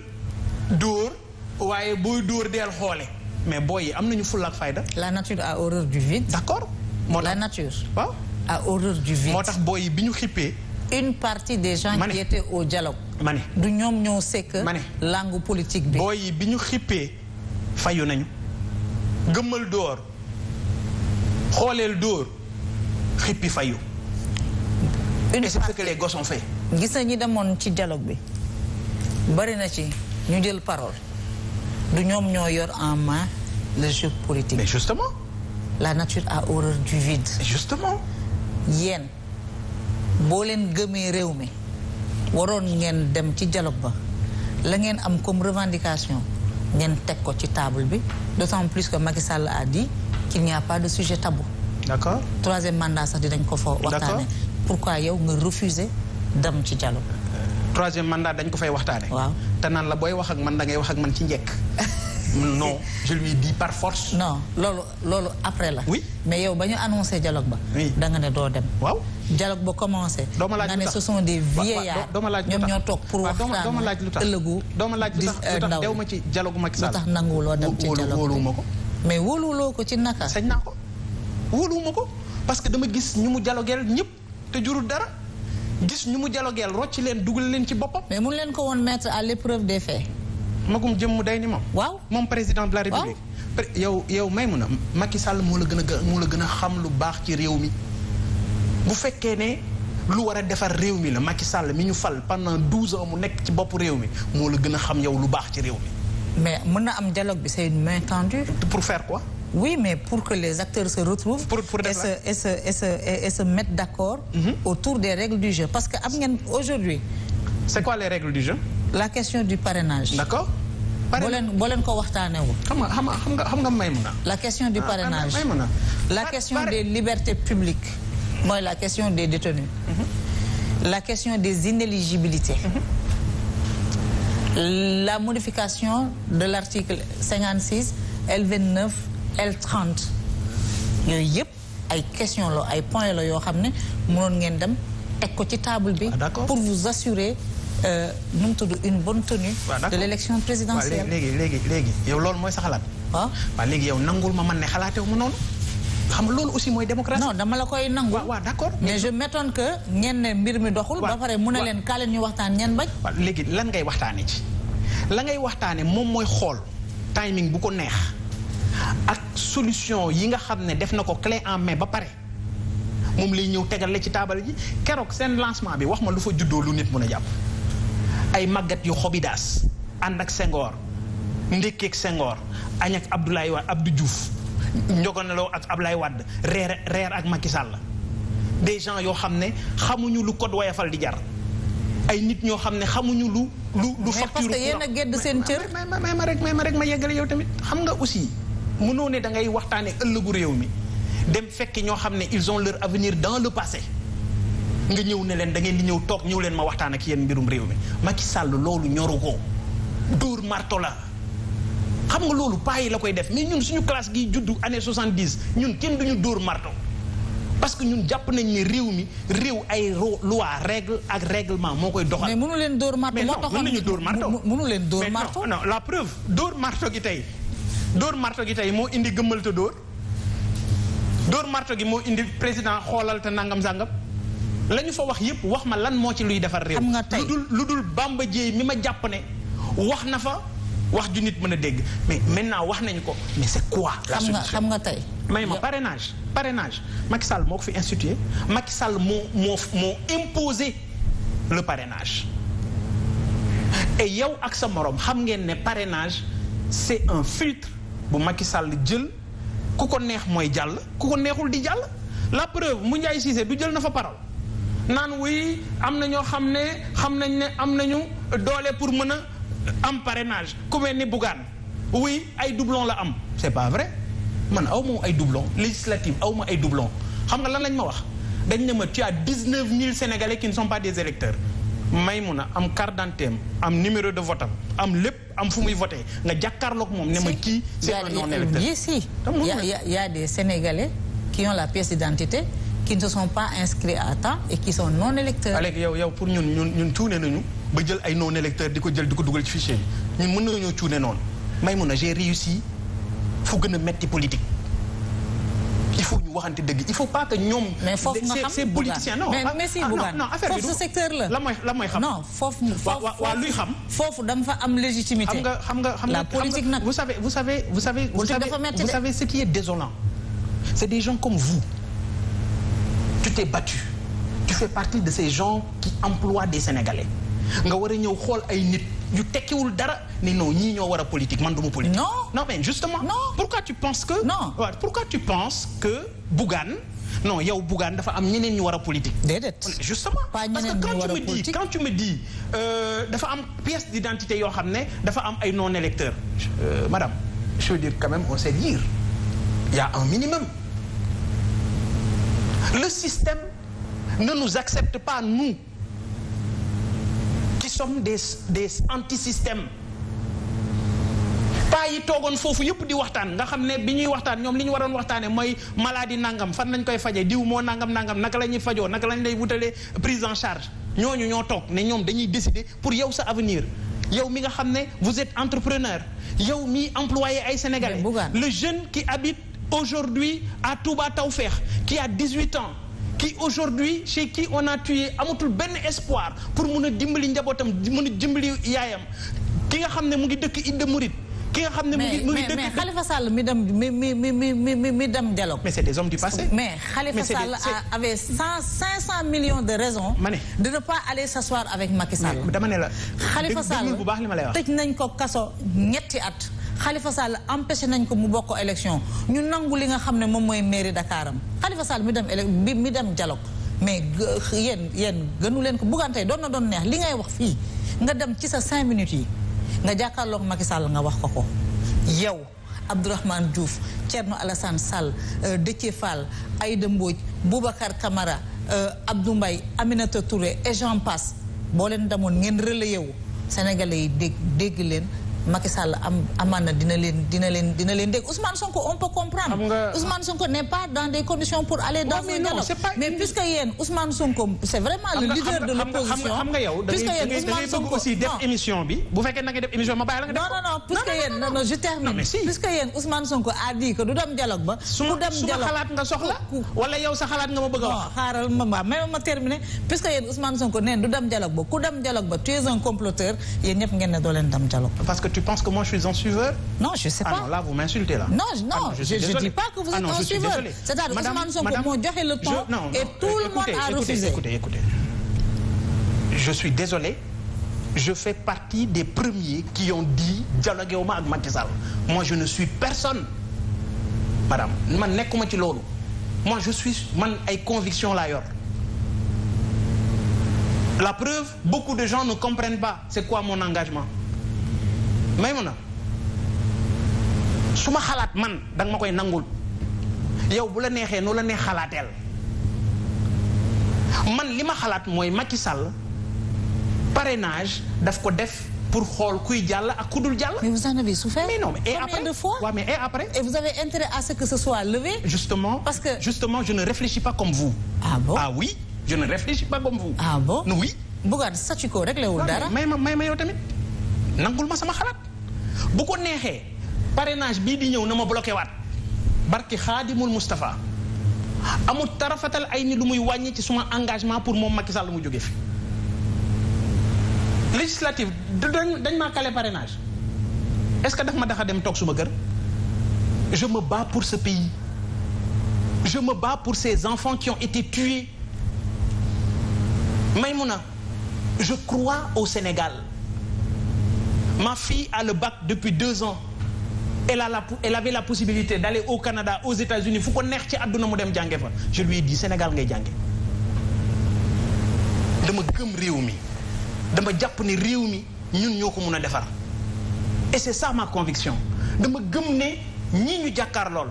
dóor waaye booy dóor deel xoole mais booy yi am nañu fulla ak fayda. la nature à horreur du vide. d'accord moo la nature. waaw a horreur moo tax booy yi bi ñu xippee. une partie des gens. qui au dialogue. ma du ñoom ñoo sekk. làngu ne politique bi. booy yi bi ñu xippee fayu nañu. gëmmal dóor xooleel dóor xippi fayu. une c'est ce que les gosses demoon ci dialogue bi bari na ci ñu jël parole. du ñoom ñoo yor en main le jeu politique. mais justement. la nature à horreur du vide. justement. yéen boo leen gëmee réew mi waroon ngeen dem ci dialogue ba la ngeen am comme revendication ngeen teg ko ci table bi d'autant plus que Macky Sall a dit qu'il n'y a pas de sujet tabou. d'accord troisième mandat sax dinañ ko fa waxtaanee. pourquoi yow nga refuser dem ci dialogue. troisième mandat dañ ko fay waxtaane te naan la booy wax ak man da ngay wax ak man ci njekk non par force non loolu loolu après la oui mais yow ba ñu annoncé dialogue ba da nga ne doo dem waaw dialogue ba commencé dooma laaj nga ne ce sont des vieillards dooma laaj ñoom ñoo toog pour waxtaan laaj lu tax ëllëgu dooma laaj lu tax euh, dew ma ci dialogue Macky Sall lu tax nanguwuloo dem ci dialogue wóoluwuma ko mais wóoluwuloo ko ci naka sañ naa ko wóoluwuma ko parce que dama gis ñu mu dialogueel ñëpp te jurul dara gis ñu mu dialogueel rocc leen dugal leen ci boppam. mais mun leen ko woon mettre à l'épreuve des faits. magum jëmm day ni ma waaw moom président de la république. yow yow may mun a Macky Sall moo la gën a moo la gën a xam lu baax ci réew mi bu fekkee ne lu war a defar réew mi la Macky Sall mi ñu fal pendant douze ans mu nekk ci bopp réew mi moo la gën a xam yow lu baax ci réew mi. mais mën na am dialogue bi c'est une main pour faire ko Oui, mais pour que les acteurs se retrouvent pour, pour et, se, et, se, et, se, et, se, mettent d'accord mm -hmm. autour des règles du jeu. Parce qu'aujourd'hui... C'est quoi les règles du jeu La question du parrainage. D'accord la question du ah, parrainage, la question des libertés publiques, moi la question des détenus, mhm. la question des inéligibilités, mm -hmm. la modification de l'article 56, L29 L30 yooyu yëpp ay question la ay point la yoo xam ne mënoon ngeen dem teg ko ci table bi ah, pour vous assurer euh, nu mu tudd une bonne tenue ah, de l'élection présidentielle léegi léegi léegi yow loolu mooy sa xalaat waaw waaw léegi yow nangul ma man ne xalaatew ma noonu xam nga loolu aussi mooy démocratie. non dama la koy nangu. waaw waaw d'accord mais je m'étonne que ngeen ne mbir mi doxul. ba pare mu ne leen kaa leen ñu waxtaan ngeen bañ. waaw léegi lan ngay waxtaanee ci la ngay waxtaanee moom mooy xool timing bu ko neex. ak solution yi nga xam ne def na ko clé en main ba pare moom lay ñëw tegal la ci taabal ji keroog seen lancement bi wax ma lu fa juddoo lu nit mun a jàpp ay màggat yu xobidaas ànd ak sengoor ndékkeeg Senghor añ ak Abdoulaye Wade Abdou Diouf njogonaloo ak Abdoulaye Wade reer reer ak Macky Sall des gens yoo xam ne xamuñu lu code woyofal di jar ay nit ñoo xam ne xamuñu lu lu lu facture mais parce que yéen a gedd seen cër may ma rek may ma rek ma yeggale yow tamit xam nga aussi mënoo ne da ngay waxtaanee ëllëgu réew mi dem fekki ñoo xam ne ils ont leur avenir dans le passé nga ñëw ne leen da ngeen di ñëw toog ñëw leen ma waxtaan ak yéen mbirum réew mi Macky Sall loolu ñoru ko dóor marto la xam nga loolu paa la koy def mais ñun suñu classe gi juddu année 70 ñun kenn duñu dóor marto parce que ñun jàpp nañ ne réew mi réew ay loi règle ak règlement moo koy doxal. mais mënu leen dóor marto moo taxoon mënu leen dóor marto. mënu leen dóor marto non la preuve dóor marto gi tey. dóor marto gi tey moo indi gëmmal te dóor dóor marto gi moo indi président xoolal te nangam sàngam la ñu fa wax yépp wax ma lan moo ci luy defar réew. xam tey lu dul lu dul Bamba Dièye mi ma jàpp ne wax na fa wax ju nit mën a dégg mais maintenant wax nañu ko mais c'est quoi. xam nga tey. may ma parrainage parrainage Macky Sall moo ko fi institué Macky Sall moo moo moo imposé le parrainage et yow ak sa moroom xam ngeen ne parrainage c'est un filtre. bu Macky sàll jël ku ko neex mooy jàll ku ko neexul di jàll la preuve mu Ndiaye Cissé du jël na fa parole naan wuy am na ñoo xam ne xam nañ ne am nañu doole pour mën a am parrainage ku mel ni Bougane oui ay doublon la am c'est pas vrai man aw ma ay doublon législative aw ma ay doublon xam nga lan lañ ma wax dañ ne ma tu as 19000 sénégalais qui ne sont pas des électeurs may a am carte d'identité am numéro de vote am am lépp am fu muy voté nga jàkkaarloog moom ne ma kii c'est un non si y a des Sénégalais qui ont la pièce d'identité qui ne se sont pas inscrits à temps et qui sont non électeurs alek yow yow pour ñun ñun ñun tuune nañu ba jël ay non électeurs di ko jël di ko dugal ci fichier bi ñun mën nañoo cuune noonu may Maymuna j'ai réussi fu gën a metti politique il faut ñu waxante dëgg il faut pas que ñoom. mais foofu nga xam c'est politicien non. mais ah, si ah, Bougane non la. moy mooy la mooy xam non foofu. foofu waaw luy xam. foofu dama fa am légitimité. xam nga xam nga xam nga la politique nag. vous savez vous savez vous savez. vous savez vous savez ce qui est désolant. c'est des gens comme vous. tu t'es battu. tu fais partie de ces gens qui emploient des Sénégalais. nga war a ñëw xool ay nit. yu tekkiwul dara ne non ñii ñoo war a politique man du ma politique. non non mais justement. non pourquoi tu penses que. non pourquoi tu penses que Bougane. non yow Bougane dafa am ñeneen ñu war a politique. déedéet justement parce que quand tu me dis quand tu me dis dafa am pièce d'identité yoo xam ne dafa am ay non électeurs. Euh, madame je veux dire quand même on sait lire il a un minimum le système ne nous accepte pas nous. sommes des des antisystèmes paa yi toogoon foofu yëpp di waxtaan nga xam ne bi ñuy waxtaan ñoom li ñu waroon waxtaanee mooy maladie nangam fan lañ koy fajee diw moo nangam nangam naka la ñuy fajoo naka lañ lay wutalee prise en charge ñooñu ñoo toog ne ñoom dañuy décider pour yow sa avenir yow mi nga xam ne vous êtes entrepreneur yow mi employé ay sénégalais le jeune qui habite aujourd'hui à Touba Tawfekh qui a huit ans qui aujourd'hui chez qui on a tué amatul benn espoir pour mun a dimbali njabootam mun a dimbali yaayam ki nga xam ne mu ngi dëkk Idda Mouride. ki nga xam ne mu ngi mu ngi dëkk mais Khalifa Sall mi dem mi mi mi mi mi dem dialogue. mais c'est des hommes du passé. mais Khalifa Sall avait cent cinq cent millions de raisons. ma ne de ne pas aller soir avec Macky Sall. dama ne la. Khalifa Sall tëj nañ ko kaso ñetti at. xalifa Sall empêché nañ ko mu bokk élection ñu nangu li nga xam ne moom mooy mairie Dakaram Khalifa Sall mi dem élec mi dem dialogue mais yéen yéen gënu leen ko Bougane tey doon na doon neex li ngay wax fii nga dem ci sa cinq minutes yi nga jàkkarloo Macky Sall nga wax ko ko yow Abdourahmane Diouf Thierno Alassane Sall euh, Déthié Fall Aïda Mbodj Boubacar Camara euh, Abdou Mbaye Aminata Touré et j'en passe boo leen demoon ngeen relayer wu Sénégalais yi dégg dégg leen Macky Sall am amaan na dina leen dina leen dina leen dégg Ousmane Sonko on peut comprendre. Ousmane Sonko n'est pour aller dans un nga yow puisque yéen Ousmane Sonko aussi def bi bu fekkee na nga def émission ma bàyyi la nga def non non non puisque yéen non non je a xalaat nga soxla wala yow a wax xaaral ma mbaa même ma terminer puisque yéen Ousmane Sonko neen du dem dialogue ba ku dem dialogue ba tu es un comploteur yéen ngeen ne doo leen dem dialogue tu penses que moi je suis un suiveur Non, je ne sais ah pas. Ah non, là, vous m'insultez là. Non, non, ah non je ne dis pas que vous ah êtes ah non, un suiveur. C'est-à-dire que Ousmane Sonko le temps je, non, non, et tout écoutez, le monde a écoutez, refusé. Écoutez, écoutez, Je suis désolé. Je fais partie des premiers qui ont dit dialoguer au avec Macky Moi, je ne suis personne. Madame, moi, je suis. Moi, j'ai conviction là -haut. La preuve, beaucoup de gens ne comprennent pas c'est quoi mon engagement. may mun na su ma xalaat man danga ma koy nangul yow bu la neexee noonu la neex xalaateel man li ma xalaat mooy Macky Sall parrainage daf ko def pour xool kuy jàll ak ku dul jàll. mais vous en avez souffert. mais non mais et après de fois. à ce que ce soit levé. justement parce que justement je ne réfléchis pas comme vous. ah bon ah oui je ne réfléchis pas comme vous. ah dara. ma may ma yow tamit. nangul ma sama xalaat bu ko neexee parrainage bii di ñëw na ma bloqué waat barki xaadimul Moustapha amul tarafatal ay ni lu muy wàññi ci suma engagement pour moom Macky Sall mu jóge fi législative dañ dañ maa kale parrainage est-ce que daf ma daxa dem toog suma kër je me bats pour ce pays je me bats pour ces enfants qui ont été tués Maïmouna je crois au Sénégal Ma fille à le bac depuis deux ans. Elle, a la, elle avait la possibilité d'aller au Canada, aux États-Unis. Faut qu'on neex ci àdduna mu dem jànge fa. Je lui ai dit Sénégal ngay jànge. dama gëm réew mi dama jàpp ni réew mi ñun ñoo ko mun a defar et c'est ça ma conviction dama gëm ne ñi ñu jàkkaar lool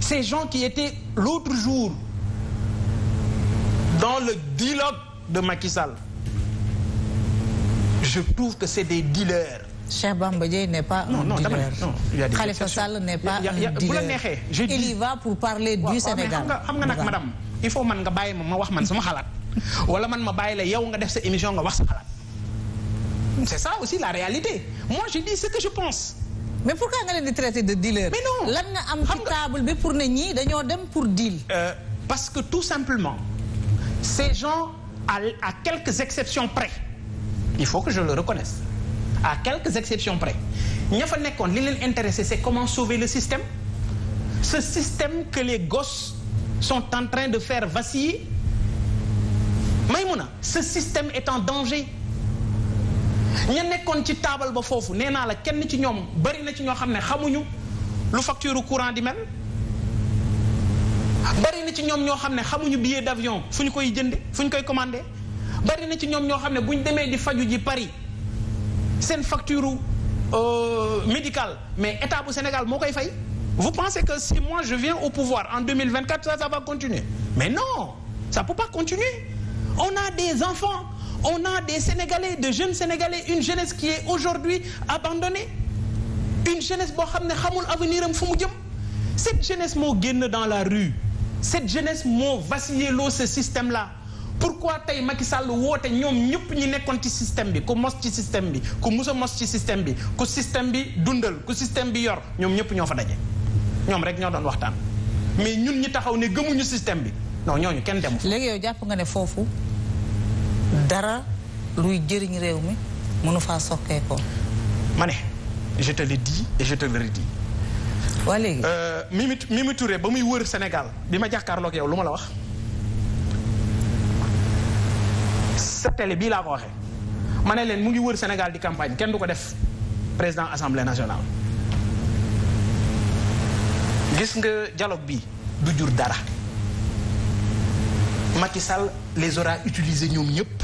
ces gens qui étaient l'autre jour dans le dialogue de Macky Sall je trouve que c'est des dealers Cheikh Bamba Dièye n'est pas non, un non, dealer. Non, il y a des Khalifa Sall n'est pas y a, y a, un dealer. Nexé, je dis, il y va pour parler du Sénégal. il faut man nga bàyyi ma ma wax man sama xalaat wala man ma bàyyi la yow nga def sa émission nga wax sa xalaat c'est ça aussi la réalité moi je dis ce que je pense mais pourquoi nga leen di traité de dealer mais lan nga am ci table bi pour ne ñii dañoo dem pour deal euh, parce que tout simplement ces gens à, à quelques exceptions près il faut que je le à quelques exceptions près ña fa nekkoon li leen intéressé c'est comment sauver le système ce système que les gosses sont en train de may vaciller Maïmouna ce système est en danger ña nekkoon ci taabal ba foofu nee naa la kenn ci ñoom bari na ci ñoo xam ne xamuñu lu facture courant di mel bari na ci ñoom ñoo xam ne xamuñu billet d'avion fu ñu koy jënde fu ñu koy commandé bari na ci ñoom ñoo xam ne bu ñu demee di faju ji Paris seen facture euh, médicale mais état bu Sénégal moo koy fay vous pensez que si moi je viens au pouvoir en 2024 ça ça va continuer mais non ça peut pas continuer on a des enfants on a des Sénégalais de jeunes Sénégalais une jeunesse qui est aujourd'hui abandonnée une jeunesse boo xam ne xamul avenir am fu mu jëm cette jeunesse moo génn dans la rue cette jeunesse moo vacillé lo ce système là pourquoi tey Macky Sall woote ñoom ñëpp ñi nekkoon ci système bi ku mos ci système bi ku mus a mos ci système bi ku système bi dundal ku système bi yor ñoom ñëpp ñoo fa daje ñoom rek ñoo doon waxtaan mais ñun ñi taxaw ne gëmuñu système bi non ñooñu kenn demu léegi yow jàpp nga ne foofu dara luy jëriñ réew mi mënu faa sokkee ko. ma ne je te le dis et je te le redis. waa léegi. Euh, Mimi Mimi Touré ba muy wër Sénégal bi ma jàkkaarloog yow lu ma la wax. sa télé bii laa ko waxee ma ne leen mu ngi wër Sénégal di campagne kenn du ko def président assemblée nationale gis nga dialogue bi du jur dara Macky Sall les aura utilisés ñoom ñëpp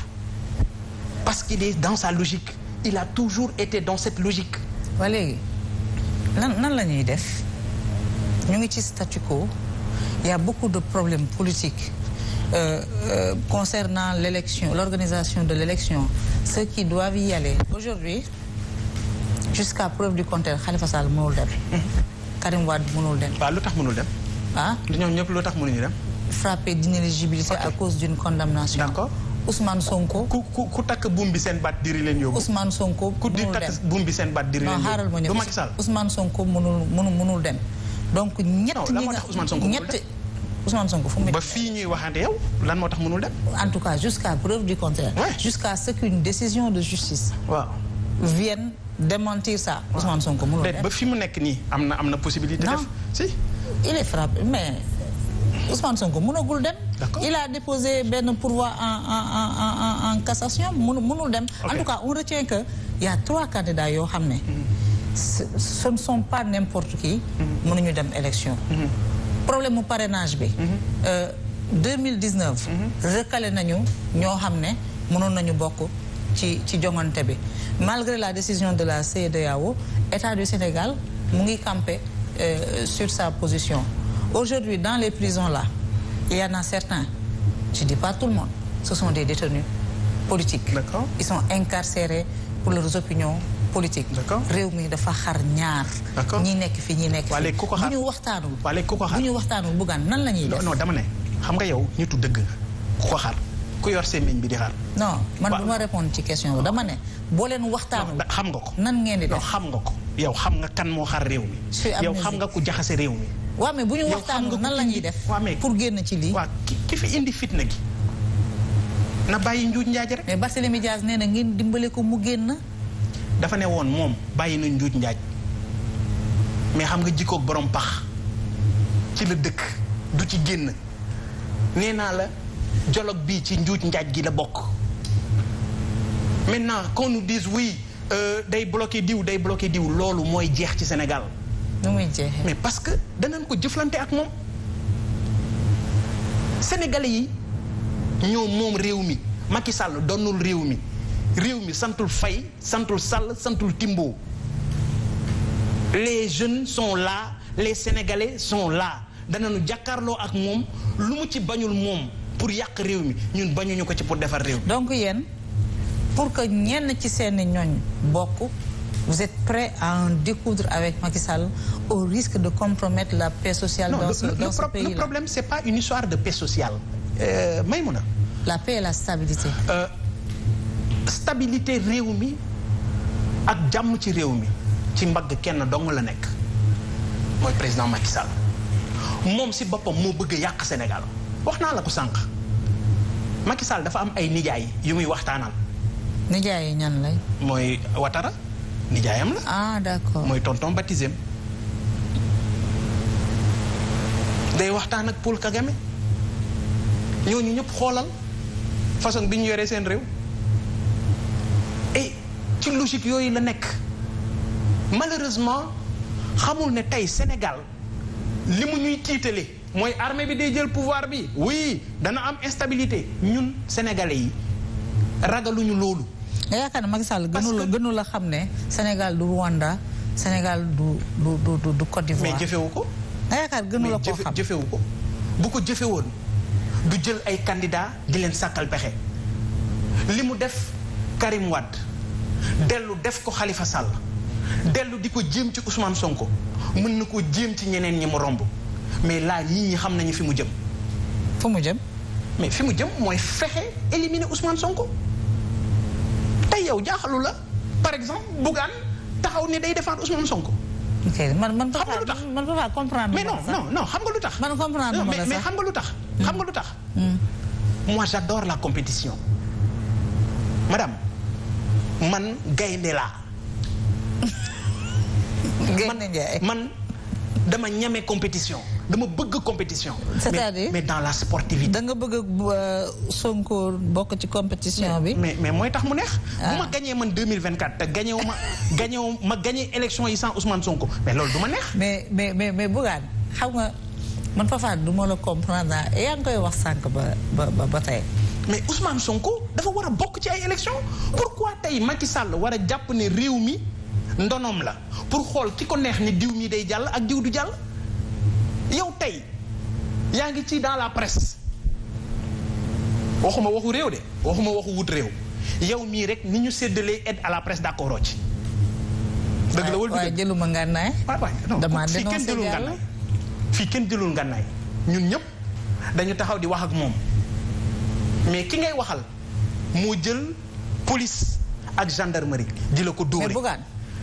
parce qu'il est dans sa logique il a toujours été dans cette logique waa léegi nan nan la ñuy def ñu ngi ci statu quo il y a beaucoup de problèmes politiques euh, euh, concernant l'élection, l'organisation de l'élection, ceux qui doivent y aller. Aujourd'hui, jusqu'à preuve du contraire, Khalifa Sall mënul dem. Karim Wade mënul dem. waaw lu tax mënul dem. ah ñoom ñëpp lu tax mënuñu dem. frappé d'inéligibilité okay. à cause d'une condamnation. D'accord. Ousmane Sonko. ku ku ku takk buum bi seen baat diri leen yóbbu. Ousmane Sonko ku di takk buum bi seen baat diri leen yóbbu. du Macky Sall. Ousmane Sonko mënul mënul mënul dem. donc ñett ñi ñett. Ousmane Sonko fu mu. ba fii ñuy waxante yow lan moo tax mënul dem. en tout cas jusqu'à preuve du contraire. Ouais. jusqu'à ce qu'une décision de justice. waaw vienne démentir ça. waaw Ousmane Sonko mënul dem ba fi mu nekk nii am na am na possibilité. def si il est frappé mais Ousmane Sonko mënagul dem. il a déposé benn pourvoi en en en en cassation mënu dem. en tout cas on retient que y a trois candidats yoo xam ne. ce ne sont pas n'importe qui. Mm-hmm. mënuñu dem élection. Mm-hmm. problème mu parenage bi. 2019. Mhm. Euh, mhm. recalé nañu ñoo xam ne mënoon nañu bokk ci ci joŋante bi malgré la décision de la CEDEAO état du Sénégal mu ngi campé euh, sur sa position. aujourd'hui dans les prisons là il y a certains je dis pas tout le monde ce sont des détenus politiques. D'accord. ils sont incarcérés pour leurs opinions. politique. réew mi dafa xar ñaar. ñi nekk fi ñi nekk fi bu ñu waxtaanul. waaye ku ko xar bu ñu waxtaanul bugaan nan la ñuy def. non dama ne xam nga yow nitu dëgg ku ko xar ku yor sémmiñ bi di xaar. non man du ma répondre ci question dama ne boo leen waxtaanul. xam nga ko nan ngeen di def xam nga ko. yow xam nga kan moo xar réew mi. yow xam nga ku jaxase réew mi. waaw mais bu ñu waxtaanul nan la ñuy def. pour génn ci lii. waaw ki fi indi fitna gi. na bàyyi njuuj njaaj rek. mais Barthélémy Diaz nee na ngeen dimbale ko mu génn. dafa ne woon moom bàyyi na njuuj njaaj mais xam nga jikkoog boroom pax ci la dëkk du ci génn nee naa la dialogue bii ci njuuj njaaj gi la bokk maintenant qu'on nous dise oui euh, day bloqué diw day bloqué diw loolu mooy jeex ci Sénégal nu mais parce que danañ ko jëflante ak moom sénégalais yi ñoo moom réew mi Macky Sall donnul réew mi réew mi santul fay santul Sall santul Timbo les jeunes sont là les sénégalais sont dana nu jàkkaarloo ak moom lu mu ci bañul moom pour yàq réew mi ñun bañuñu ko ci pour defar réew mi. donc yéen pour que ñenn ci seen ñooñ bokk. vous êtes prêt à en découdre avec Macky Sall au risque de compromettre la paix sociale non, dans, le, ce, dans pays-là. Le problème, c'est pas une histoire de paix sociale. Euh, Maïmouna. La paix et la stabilité. Euh, stabilité réew mi ak jàmm ci réew mi ci mbagg kenn dong la nekk mooy président Macky Sall moom si boppam moo bëgg yàq Sénégal wax naa la ko sànq Macky Sall dafa am ay nijaay yu muy waxtaanal. nijaay yi ñan lay. mooy watara nijaayam la. ah d'accord mooy tonton baptisé day waxtaan ak Paul Kagame ñooñu ñëpp xoolal façon bi ñu yoree seen réew. ci logique yooyu la nekk malheureusement xamul ne tey Sénégal li mu ñuy tiitale mooy armée bi day jël pouvoir bi oui dana am instabilité ñun sénégalais yi ragaluñu loolu. nga yaakaar ne Macky Sall gënu la gënu la xam ne Sénégal du Rwanda Sénégal du du du du Côte d'Ivoire. mais jëfewu ko. nga yaakaar gënu la koo xam jëfewu ko bu ko jëfewoon du jël ay candidats di leen sàkkal pexe li mu def Karim Wade. dellu def ko xalifa Sall dellu di ko jéem ci Ousmane Sonko mën na ko jéem ci ñeneen ñi mu romb mais là nit ñi xam nañu fi mu jëm. fu mu jëm. mais fi mu jëm mooy fexe éliminer Ousmane Sonko tey yow jaaxalu la par exemple Bougane taxaw ni day défendre Ousmane Sonko. ok man man xam nga lu tax man papa comprendre. mais non non non xam nga lu tax. man comprendre mais mais xam nga lu tax. Hmm. xam nga lu tax. Hmm. moi la compétition madame. man gaynde laa man dama ñame compétition dama bëgg compétition. c'est-à-dire mais dans la sportivité. da nga bëgg euh, Sonko bokk ci compétition bi. mais mais mooy tax mu neex. Ah. bu ma gañee man 2024 te gagné ma gagné ma gagné élection yi sans Ousmane Sonko mais loolu du ma neex. mais mais mais mais Bougane xam nga. man Fafa du ma la comprendre yaa ngi koy wax sànq ba ba tey. mais Ousmane Sonko dafa war a bokk ci ay élections pourquoi tey Macky Sall war a jàpp ne réew mi ndonoom la pour xool ki ko neex ni diw mi day jàll ak diw du jàll yow tey yaa ngi ci dans la presse waxuma waxu réew de waxuma waxu wut réew yow mii rek ni ñu séddalee aide à la presse d'accord ci. dëgg la wala jëluma ngànnaay. waaw waaw si kenn jëlul ngànnaay fii kenn jëlul ngànnaay ñun ñëpp dañu taxaw di wax ak moom mais ki ngay waxal moo jël police ak gendarmerie di la ko dóore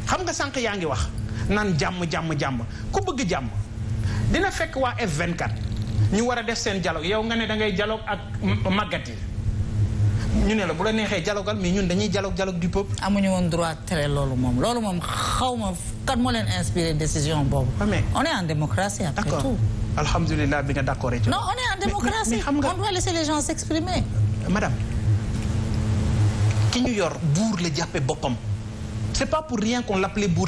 xam nga sànq yaa ngi wax naan jàmm jàmm jàmm ku bëgg jàmm dina fekk waa F24 ñu war a def seen jaloog yow nga ne da ngay dialogue ak màggat yi ñu ne la bu la neexee dialogal mais ñun dañuy dialogue dialogue du peuple. ñu woon droit tere loolu moom loolu moom xaw ma kan moo leen inspiré décision boobu. Ah, on est en démocratie après tout. d'accord alhamdulilah bi nga d'accord ci. non on est en démocratie on doit laisser les madame ki ñu yor buur la jàppe boppam c'est pas pour rien qu'on l'appelait buur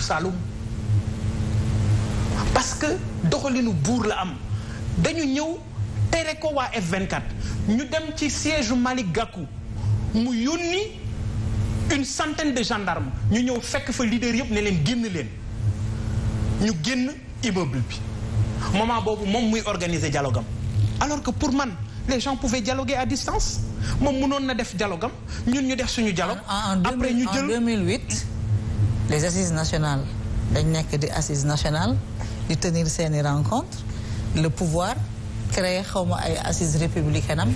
parce que doxalinu buur la am dañu ñëw tere ko waa vingt 24 ñu dem ci siège Malick Gakou. mu yónni une centaine de gendarmes ñu ñëw fekk fa leader yëpp ne leen génn leen ñu génn immeuble bi moment boobu moom muy organiser dialogue alors que pour man les gens pouvaient dialoguer à distance moom mënoon na def dialogue am ñu def suñu dialogue après ñu jël en 2008 les assises nationales dañ nekk di assises nationales di tenir seeni rencontre le pouvoir créer xawma ay assises républicaines am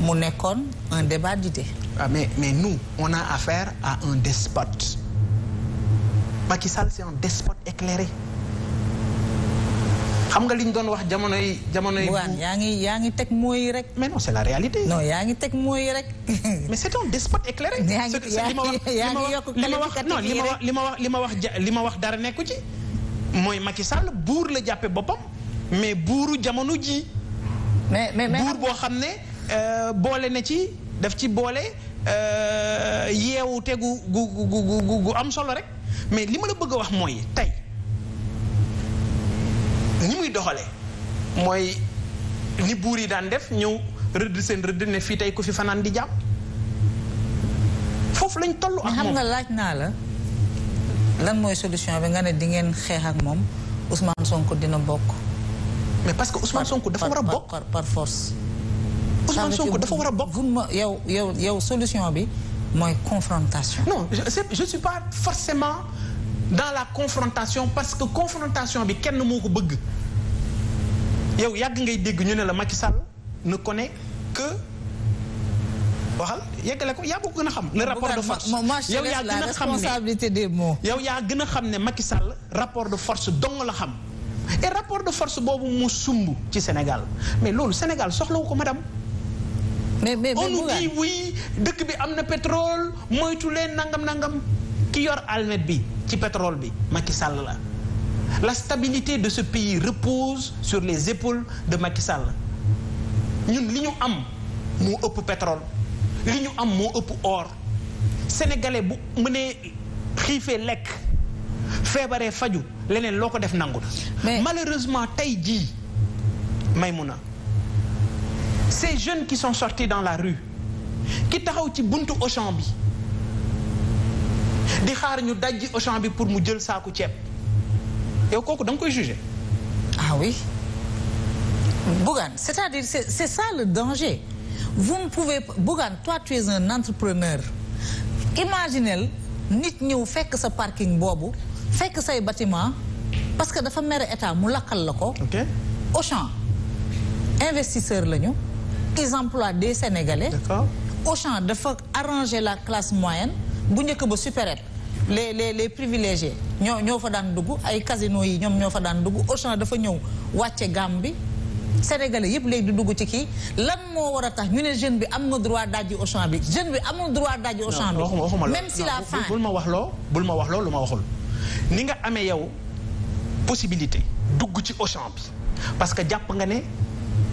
mu nekkoon un débat d'idées Ah, mais, mais nous, on a affaire à un despote. Macky Sall c'est éclairé. xam nga li doon wax jamonoy jamonoy. bugaan yaa ngi yaa ngi teg mooy rek. mais non c'est la réalité. non yaa ngi teg mooy rek. mais c'est un despote éclairé. yaa ngi yaa yokk li ma wax li ma wax li ma wax li ma wax dara nekku ci. mooy Macky Sall buur la jàppe boppam mais buuru jamono ji mais mais buur boo xam ne euh, boole na ci daf ci boole. Euh, yeewu tegu gu gu gu gu am solo rek mais li ma la bëgg a wax mooy tey ñi muy doxale mooy ni buur yi daan def ñëw rëdd seen rëdd ne fii tey ku fi fanaan di jàmm foofu lañ toll ak moom xam nga laaj naa la lan mooy solution bi nga ne di ngeen xeex ak moom Ousmane Sonko dina bokk. mais parce que Ousmane Sonko dafa war a bokk par force. Ousmane Sonko dafa war a bokk. yow yow yow solution bi mooy confrontation. non je je suis pas forcément dans la confrontation parce que confrontation bi kenn moo ko bëgg yow yàgg ngay dégg ñu ne la Macky Sall ne connaît que waxal yeggale ko yaa ko gën a xam. le rapport de force yow yaa gën a xam ne responsabilité des yaa gën a xam ne Macky Sall rapport de force dong la xam et rapport de force boobu mu sumb ci Sénégal mais loolu Sénégal soxlawu ko madame. mais mais on nous dëkk bi am na pétrole moytu leen nangam nangam ki yor almet bi ci pétrole bi Macky sàll la. la stabilité de ce pays repose sur les épaules de Macky Sall ñun li ñu am moo ëpp pétrole li ñu am moo ëpp or sénégalais bu mënee xiifee lekk feebaree faju leneen loo ko def nangu na. malheureusement tey jii may mun a ces jeune qui son sorti dans la rue ki taxaw ci buntu Auchan bi di xaar ñu dajji Auchan bi pour mu jël saaku ceeb yow kooku danga nga koy juger ah oui Bougane c'est-à-dire c'est c'est ça le danger vous ne pouvez Bougane toi tu es imaginel nit ñëw fekk sa parking boobu fekk say batiment parce que dafa mere état mu lakkal la ko Auchan investisseur lañu ils emploient des Sénégalais. D'accord. Auchan dafa arranger la classe moyenne bu njëkk ba supérette les les les privilégiés ñoo ñoo fa daan dugg ay casino yi ñoom ñoo fa daan dugg Auchan dafa ñëw wàcce gam bi sénégalais yëpp léegi dugg ci kii lan moo war a tax ñu ne jeune bi am na droit dajji Auchan bi jeune bi amul droit dajji Auchan bi même si la fin bul ma wax loo bul ma wax loo lu ma waxul ni nga amee yow possibilité dugg ci Auchan bi parce que jàpp nga ne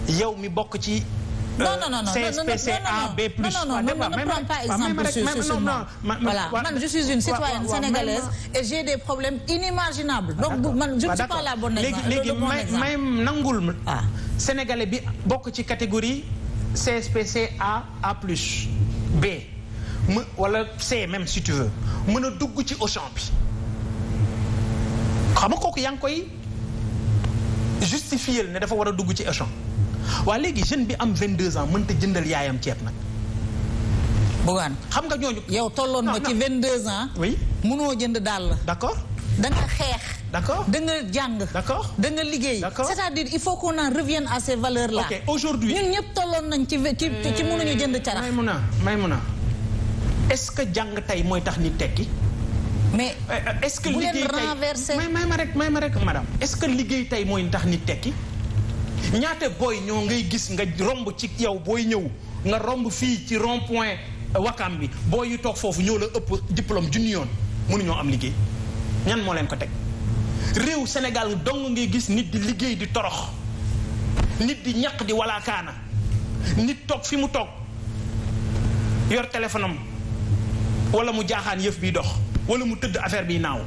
yow mi bokk ci non eh, non non non CSPCA B plus non non non non ne prends pas exemple sur sur moi voilà man je suis une citoyenne sénégalaise et j'ai des problèmes inimaginables donc man je ne suis pas la bonne exemple léegi léegi may nangul ma ah. sénégalais bi bokk ci catégorie CSPCA A plus B mu wala C même si tu veux mën a dugg ci Auchan bi xam nga kooku yaa ngi koy justifier ne dafa war a dugg ci Auchan waa léegi jeune bi am 22 ans mënta jëndal yaayam ceeb nag. bugaan xam nga ñooñu. yow tolloon nga ci 22 ans. oui mënoo jënd daal la. d'accord da nga xeex. d'accord da nga jàng. d'accord da nga liggéey. c'est-à-dire il faut qu'on en revienne à valeur valeurs là. ok aujourd'hui ñun ñëpp tolloon nañ ci ci ci mënuñu jënd euh, carax. may mun a may mun a est-ce que jàng tey mooy tax nit tekki. mais euh, euh, est-ce que liggéey tey bu leen renverser may ma rek may ma rek madame. est-ce que liggéey tey mooy tax nit tekki. ñaate booy ñoo ngay gis nga romb ci yow booy ñëw nga romb fii ci rond point wakam bi booy yu toog foofu ñoo la ëpp diplôme junni yoon mënuñoo am liggéey ñan moo leen ko teg réew Sénégal dong ngay gis nit di liggéey di torox nit di ñaq di walaakaana nit toog fi mu toog yor téléphone am wala mu jaaxaan yëf biy dox walla mu tëdd affaire bi naaw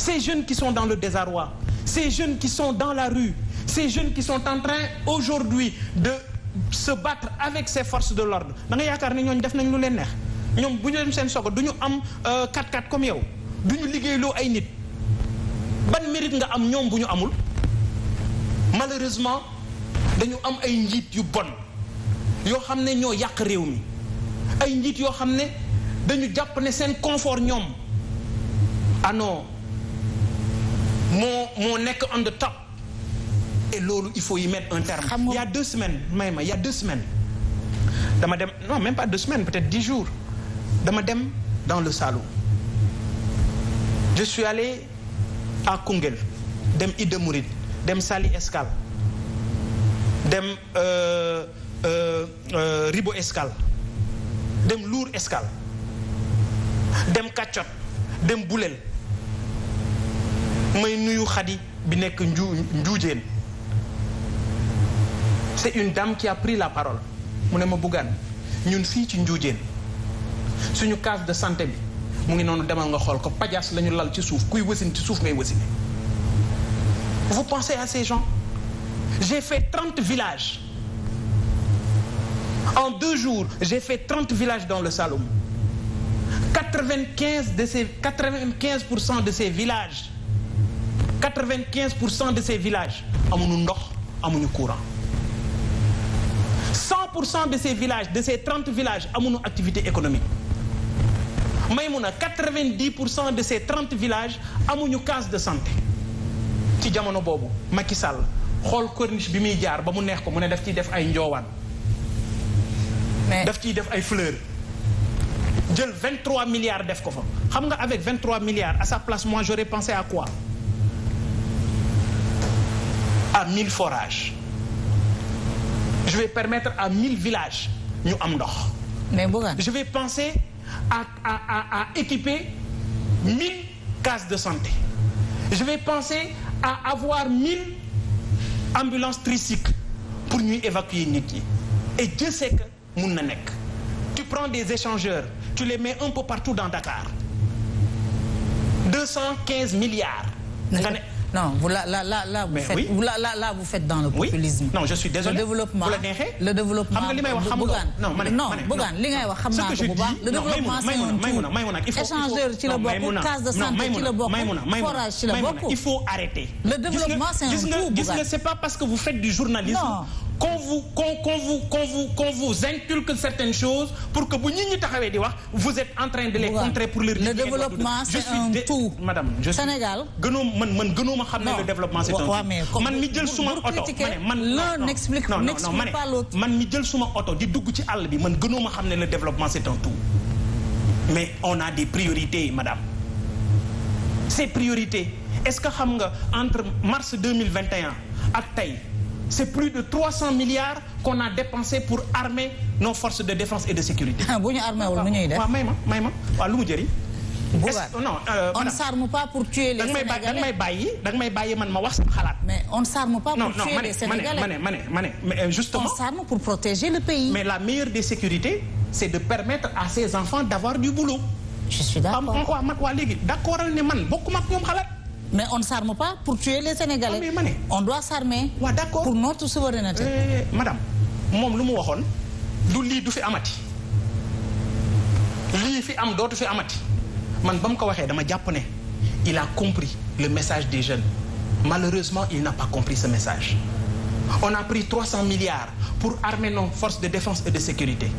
ces jeunes qui sont dans le désarroi, ces jeunes qui sont dans la rue, ces jeunes qui sont en train aujourd'hui de se battre avec ces forces de l'ordre da yaakaar ne ñooñu def nañ lu leen neex ñoom bu ñu dem seen sogo du ñu am 4-4 euh, comme yow du ñu liggéeyloo ay nit ban mérite nga am ñoom bu ñu amul malheureusement dañu am ay njiit yu bon yoo xam ne ñoo yàq réew mi ay njiit yoo xam ne dañu jàpp ne seen confort ñoom ah moo moo nekk on the top et loolu il faut y mettre un terme. il y a deux semaines may ma il y deux semaines dama dem non même pas deux semaines peut-être dix jours dama dem dans le Saloum je suis allé à Koungheul dem Ida Mouride dem Sali Escale dem euh, euh, euh, Ribo Escale dem Lour Escale dem Kacot dem Boulel. may nuyu xadi bi nekk nju njuujeen c'est une dame qui a pris la parole mu ne ma buggaan ñun fii ci njuujeen suñu case de santé bi mu ngi noonu demal nga xool ko pajaas la ñu lal ci suuf kuy wasin ci suuf may wasine vous pensez à ces gens j'ai fait trente villages en deux jours j'ai fait trente villages dans le Saloum quatre-vingt-quinze de ces quatre-vingt-quinze pour cent de ces villages quatre-vingt-quinze pour cent de ces villages amuñu ndox amuñu courant cent pour cent de ces villages de ces trente village amuñu activité économique may mun a quatre-vingt-dix pour cent de ces trente villages amuñu case de santé ci jamono boobu Macky Sall xool corniche bi muy jaar ba mu neex ko mu ne daf ci def ay njoowaan daf ciy def ay fleur jël vingt-trois milliards def ko fa xam nga avec vingt-trois milliards à sa place moi j'aurais à quoi à mille forages je vais permettre à mille villages ñu am ndox. mais Bougane je vais penser à à à à équiper mille cases de santé je vais penser à avoir mille ambulances tricycles pour ñuy évacuer nit yi et Dieu sait que mun na nekk. tu prends des échangeurs tu les mets un peu partout dans Dakar deux cent quinze milliards. nga ne Non, vous là, là, là, là, vous faites, oui. vous, là, là, là, vous faites dans le populisme. Oui. Non, je suis désolé. Le développement. Vous le développement. Bougane. Non, mané, non, Bougane, li ngay wax xam naa ko bu baax. Le développement, c'est un tout. Échangeur ci la bokk, case de santé ci la bokk, forage ci la bokk. Il faut arrêter. Le développement, c'est un tout. Gis nga, c'est pas parce que vous faites du journalisme. qu'on vous qu'on qu'on vous qu'on vous qu'on vous inculque certaines choses pour que bu nit ñi taxawee di wax vous êtes en train de les contrer pour leur le développement c'est un tout madame je suis Sénégal gënoom man man gënoom a xam ne le développement c'est un tout man mi jël suma oto ma ne man l'un n'explique n'explique pas l'autre man mi jël suma oto di dugg ci àll bi man gënoom a xam ne le développement c'est un tout mais on a des priorités madame ces priorités est-ce que xam nga entre mars 2021 ak tey c'est plus de 300 milliards qu'on a dépensé pour armer nos forces de défense et de sécurité. Ah, bu ñu armé wul ah, may ma may ma waaw lu mu euh, on ne s'arme pas pour tuer les Sénégalais da nga may bàyyi da wax sama xalaat. mais on ne s'arme pas pour protéger le pays. mais la meilleure des sécurités c'est de permettre à ces enfants d'avoir du boulot. je suis d'accord waaw man waa léegi d'accord ne man bokkuma ak ñoom xalaat. mais on ne s'arme pas pour tuer les Sénégalais. Ah, mais, on doit s'armer waaw d'accord pour notre souveraineté. Eh, madame moom lu mu waxoon du lii du fi amati lii fi am dootu fi amati man ba mu ko waxee dama jàpp ne il a compris le message des jeunes malheureusement il n'a pas compris ce message. on a pris 300 milliards pour armer nos forces de défense et de sécurité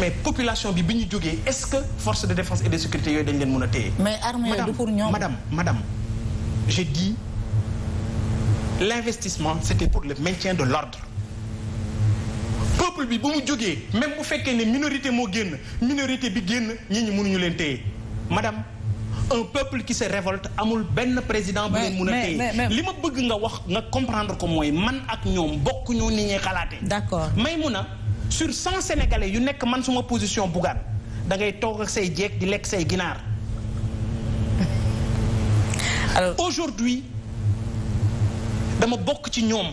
mais population bi bi ñu jógee est-ce que force de défense et de sécurité yooyu dañ leen mën a téye. mais armée du pour ñoom madame madame. j'ai dit l'investissement c'était pour le maintien de l'ordre peuple bi bu mu jógee même bu fekkee ne minorité moo génn minorité bi génn ñi ñu mënuñu leen téye madame un peuple ki se révolte amul benn président bu leen mun a téye li ma bëgg nga wax nga comprendre ko mooy man ak ñoom bokk ñu ni ñuy xalaatee d'accord may mun a sur san sénégalais yu nekk man suma position Bougane da ngay toog ak say jeeg di lekk say ginaar alors aujourd'hui dama bokk ci ñoom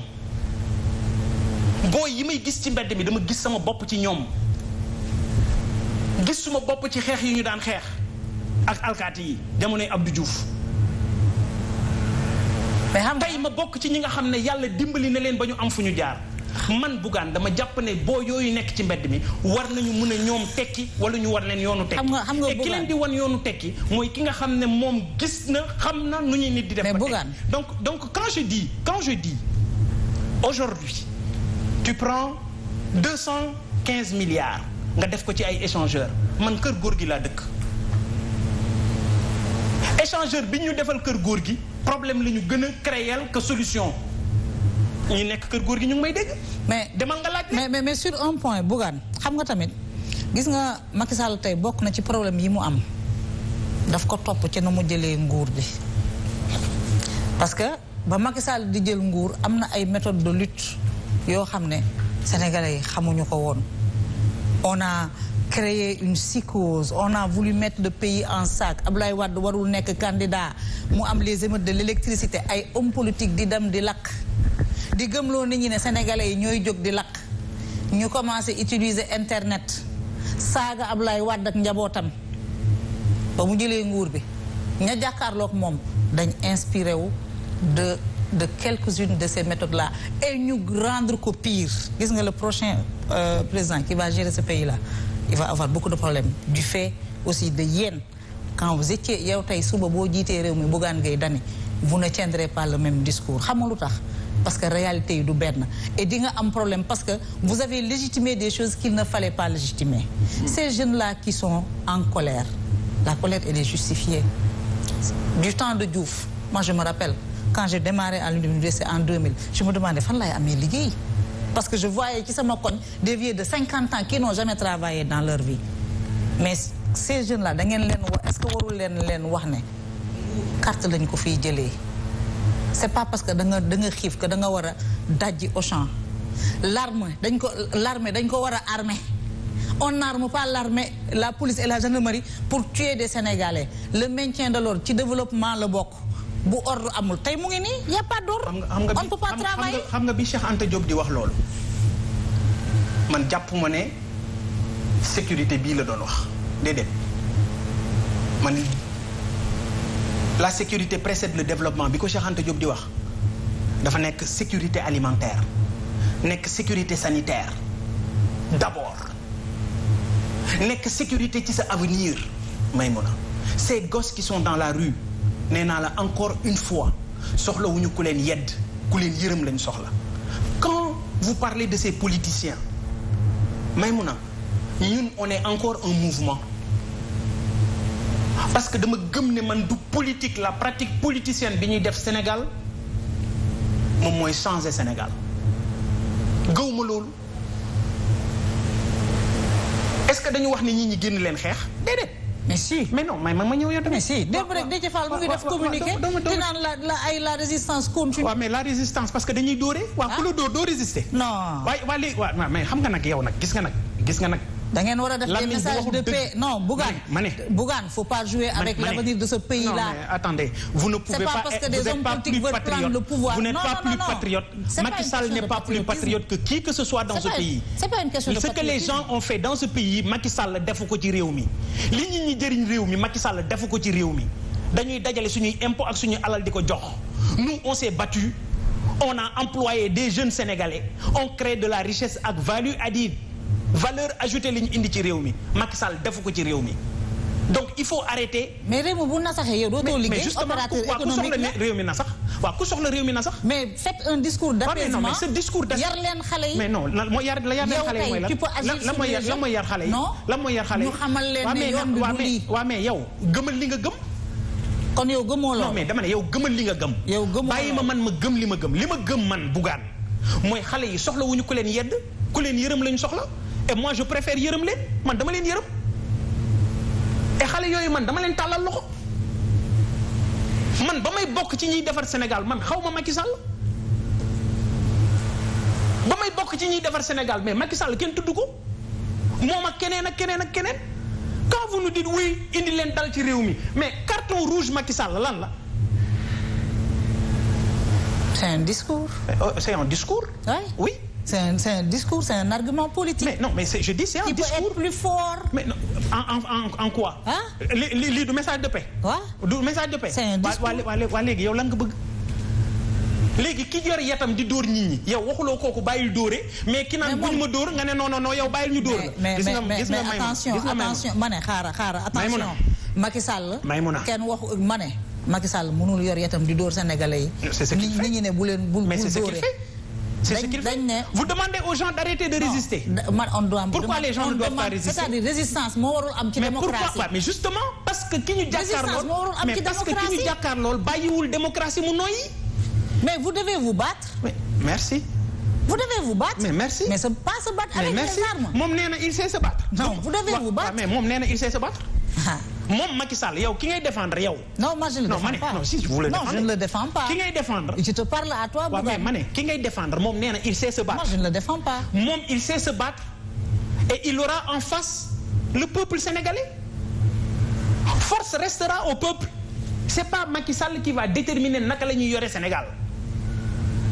booy yi may gis ci mbedd mi dama gis sama bopp ci ñoom gis suma bopp ci xeex yi ñu daan xeex ak alkaati yi ab du Diouf mais xam tey ma bokk ci ñi nga xam ne yàlla dimbali na leen ba ñu am fu ñu jaar man Bougane dama jàpp ne boo yooyu nekk ci mbedd mi war nañu mun a ñoom tekki wala ñu war leen yoonu tekki. xam nga xam nga te ki leen di wan yoonu tekki mooy ki nga xam ne moom gis na xam na nu ñuy nit di def. mais Bougane donc donc quand je dis quand je dis aujourd'hui tu prends cent quinze milliards nga def ko ci ay échangeur man kër góor gi laa dëkk. échangeur bi ñu defal kër góor gi problème la ñu gën a créer que solution. ñi nekk kër guur gi ñu ngi may dégg. mais demal nga laaj mais mais sur un point Bougane xam nga tamit gis nga Macky Sall tey bokk na ci problème yi mu am daf ko topp ci na mu jëlee nguur bi parce que ba Macky Sall di jël nguur am na ay méthode de lutte yoo xam ne sénégalais yi xamuñu ko woon on a créé une psychose on a voulu mettre le pays en sac Abdoulaye wadd warul nekk candidat mu am les émeutes de l'électricité ay hommes politiques di dem di lakk di gëm loo nit ñi ne sénégalais yi ñooy jóg di lakk ñu commencé utiliser internet saaga Ablaye wadd ak njabootam ba mu jëlee nguur bi ña jàkkaarlook moom dañ inspiré wu de de quelques-unes de ces méthodes là et ñu rendre ko pire gis nga le prochain euh, président qui va gérer ce pays là il va avoir beaucoup de problèmes du fait aussi de yéen quand vous étiez yow tey suba boo jiitee réew mi Bougane Gueye Dany vous ne tiendrez pas le même discours xam nga lu tax parce que réalité yi du benn et di nga am problème parce que vous avez légitimé des choses qu'il ne fallait pas légitimer mm-hmm. ces jeunes là qui sont en colère la colère elle est justifiée du temps de Diouf moi je me rappelle quand j'ai démarré à l'université en 2000 je me demandais fan laay amee liggéey parce que je voyais ci sama koñ des vieux de cinquante ans qui n'ont jamais travaillé dans leur vie mais ces jeunes là da ngeen leen wax est-ce que warul leen leen wax ne carte lañ ko fiy jëlee c'est pas parce que danga nga da nga xiif que da war a daj au champ l'armée dañ ko l'armée dañ ko war a armée on mu pas l'armée la police et la gendarmerie pour tuer des Sénégalais le maintien de l'ordre ci développement la bokk bu ordre amul tey mu ngi nii y a pas d'ordre on peut pas travailler xam nga bi Cheikh ante Diop di wax loolu man jàpp ma ne sécurité bii la doon wax déedéet man la sécurité précède le développement bi ko Cheikh Anta Diop di wax dafa nekk sécurité alimentaire nekk sécurité sanitaire d'abord nekk sécurité ci sa avenir Maïmouna ces gosses qui sont dans la rue nee naa la encore une fois soxlawuñu ku leen yedd ku leen yërëm lañu soxla quand vous parlez de ces politiciens Maïmouna ñun on est encore un mouvement parce que dama gëm ne man du politique la pratique politicienne bi ñuy def Sénégal moom mooy changer Sénégal gëw ma loolu est-ce que dañu wax ne ñi ñi génn leen xeex déedéet. mais si mais non mais ma ñëw yow mais si rek Déthié Fall mu ngi def communiqué te naan la la ay la résistance continue. waaw parce que dañuy dóore. waaw ku ah. la dóor doo résister. waaye waa léegi waaw mais xam nga nag yow nag gis nga nag gis nga nag. dangeen ngeen war a def des messages de paix non Bougane Bougane faut pas jouer avec l'avenir de ce pays là. non attendez vous ne pouvez pas parce vous n'êtes pas plus patriote que qui que ce soit dans ce pays. c'est pas une question de patriotisme que les gens ont fait dans ce pays Macky Sall defu ko ci réew mi li nit ñi jëriñ réew mi Macky Sall defu ko ci réew mi dañuy dajale suñuy impôt ak suñuy alal di ko jox nous on s'est battu on a employé des jeunes sénégalais on de la richesse ak value valeur ajoutée li ñu indi ci réew mi Macky Sall defu ko ci réew mi donc il faut arrêter. mais réew mi bu nasaxee yow dootoo liggéey opérateur économique mais réew mi na sax waaw ku soxla réew mi na sax. mais faites un discours d'apaisement mais non mais ce discours d'apaisement yar leen xale yi. mais non mooy yar la yar leen xale yi mooy lan mooy yar xale yi. non lan leen ne yow gëmal li nga gëm. kon yow gëmoo loolu non mais dama ne yow gëmal li nga gëm. yow gëmoo loolu bàyyi ma man ma gëm li ma gëm li ma gëm man bugaan mooy xale yi soxla wuñu leen yedd ku leen yërëm lañu soxla et moi je préfère yërëm leen man dama leen yërëm et xale yooyu man dama leen tàllal loxo man ba may bokk ci ñuy defar Sénégal man xaw ma makki Sall ba may bokk ci ñuy defar Sénégal mais makki Sall kenn tudd ko moom ak keneen ak keneen ak keneen quand vous nous dites indi leen dal ci réew mi mais carton rouge makki Sall lan la. c'est un discours. Euh, c'est un discours. C'est un, un, discours, c'est un argument politique. Mais non, mais c'est un discours. plus fort. Mais non, en, en, en quoi Hein Li du message de paix. Quoi Du message de paix. C'est un discours. léegi yow lan nga bëgg léegi ki yor yatam di dóor nit ñi yow waxuloo kooku bàyyil dóore mais ki naan buñ ma dóor nga ne non non non yow bàyyil ñu dóor la. gis nga gis nga may attention attention ma xaara xaara attention. Macky Sall. Maymuna kenn waxu ma ne. Macky Sall mënul yor yatam di dóor sénégalais yi. leen C'est ce qu'il fait. Vous demandez aux gens d'arrêter de résister. Pourquoi les gens doivent pas résistance moo am ci démocratie. Mais justement parce que ki ñu jàkkaarlool mais parce que ki démocratie mu noyyi. Mais vous devez vous battre. Mais merci. Vous devez vous battre. Mais merci. Mais c'est pas se battre avec les armes. Moom nee na il sait se battre. Non, vous devez vous battre. Mais moom nee na il sait se battre. Ah. moom Macky Sall yow ki ngay défendre yow. non moi je ne le défends pas non si vous le défendez non je ne le défends pas. ki ngay défendre. je te parle à toi. waaw mais ma ne ki ngay défendre moom nee il sait se battre. moom il sait se battre et il aura en face le peuple sénégalais force restera au peuple c'est pas Macky Sall qui va déterminer naka la ñuy yore Sénégal.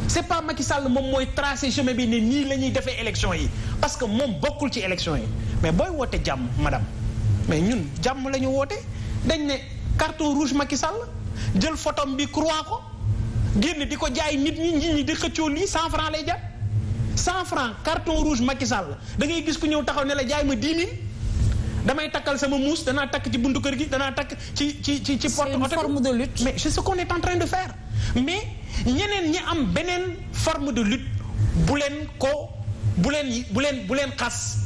c'est pas Macky Sall moom mooy tracé chemin bi ne nii la ñuy defee élection yi parce que moom bokkul ci élection yi mais booy woote jàmm madame. mais ñun jàmm la ñu woote dañ ne carton rouge Macky Sall jël photom bi croix ko génn di ko jaay nit ñi nit ñi di xëccoo lii cent franc lay jar cent franc carton rouge Macky Sall da ngay gis ku ñëw taxaw ne la jaay ma dix mille damay takkal sama muus danaa takk ci buntu kër gi danaa takk ci ci ci ci porte oto forme de lutte mais c'est ce qu'on est en train de faire mais ñeneen ñi am beneen forme de lutte bu leen ko bu leen bu leen bu leen xas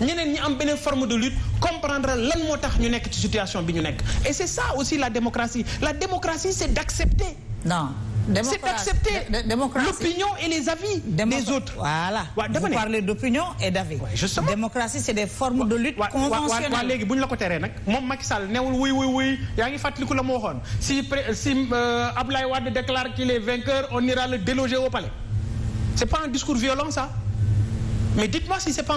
ñeneen ñi am beneen forme de lutte comprendre lan moo tax ñu nekk ci situation bi ñu nekk et c'est ça aussi la démocratie la démocratie c'est d'accepter non c'est d'accepter l'opinion et les avis Démocr des autres vous parlez d'opinion et d'avis justement démocratie c'est des formes de lutte conventionnelle waaw bu ñu la ko teree nag moom Macky Sall newul wuy wuy wuy yaa ngi fàttaliku la moo si si euh, Ablaye Wade déclare qu'il est vainqueur on ira le déloger au palais c'est pas un discours violent ça mais dites-moi si c'est pas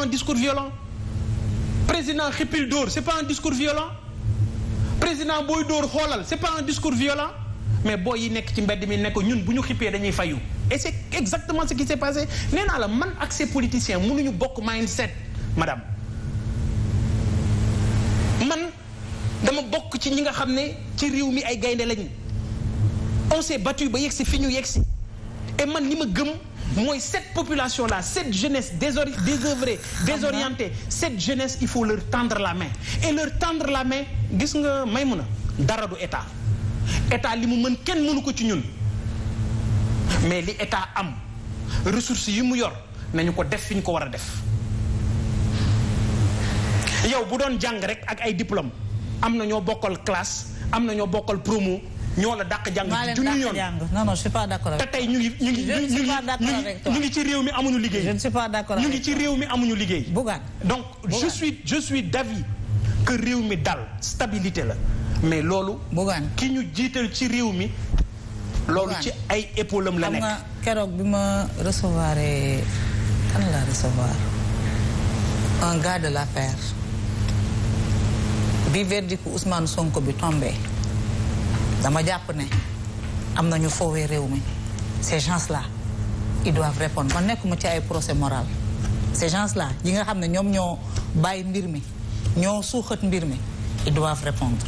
président xippil dóor c'est pas un discours violent président booy dóor xoolal c'est pas un discours violent mais booy yi nekk ci mbedd mi nekk ñun bu ñu xippee dañuy fayu et c'est exactement ce qui s'est passé nee naa la man ak ces politiciens ñu bokk mindset madame man dama bokk ci ñi nga xam ne ci réew mi ay gaynde lañu on s'est battu ba yegsi fi ñu yegsi et man li ma gëm mooy cette population là cette jeunesse désori désœuvrée désorientée cette jeunesse il faut leur tendre la main et leur tendre la main gis nga may mun a dara du état état li mu mën kenn mënu ko ci ñun mais li état am ressources yi mu yor nañu ko def fi ñu ko war a def yow bu doon jàng rek ak ay diplôme am na ñoo bokkal classe am na ñoo bokkal promo ñoo la dàq jàng junni yoon non non je te tey ñu ngi ñu ngi ñu ngi ñu ci réew mi amuñu liggéey je ne suis pas d'accord ñu ngi ci réew mi donc je suis je suis d'avis que réew mi dal stabilité la mais loolu Bougane ki ñu jiital ci réew mi loolu ay épaule am la nga keroog bi ma recevoir kan la recevoir un gars de l'affaire bi verdict Ousmane Sonko bi tombé dama jàpp ne am na ñu foowee réew mi ces gens là ils doivent répondre man nekkuma ci ay procès moral ces gens là yi nga xam ne ñoom ñoo bàyyi mbir mi ñoo suuxat mbir mi ils doivent répondre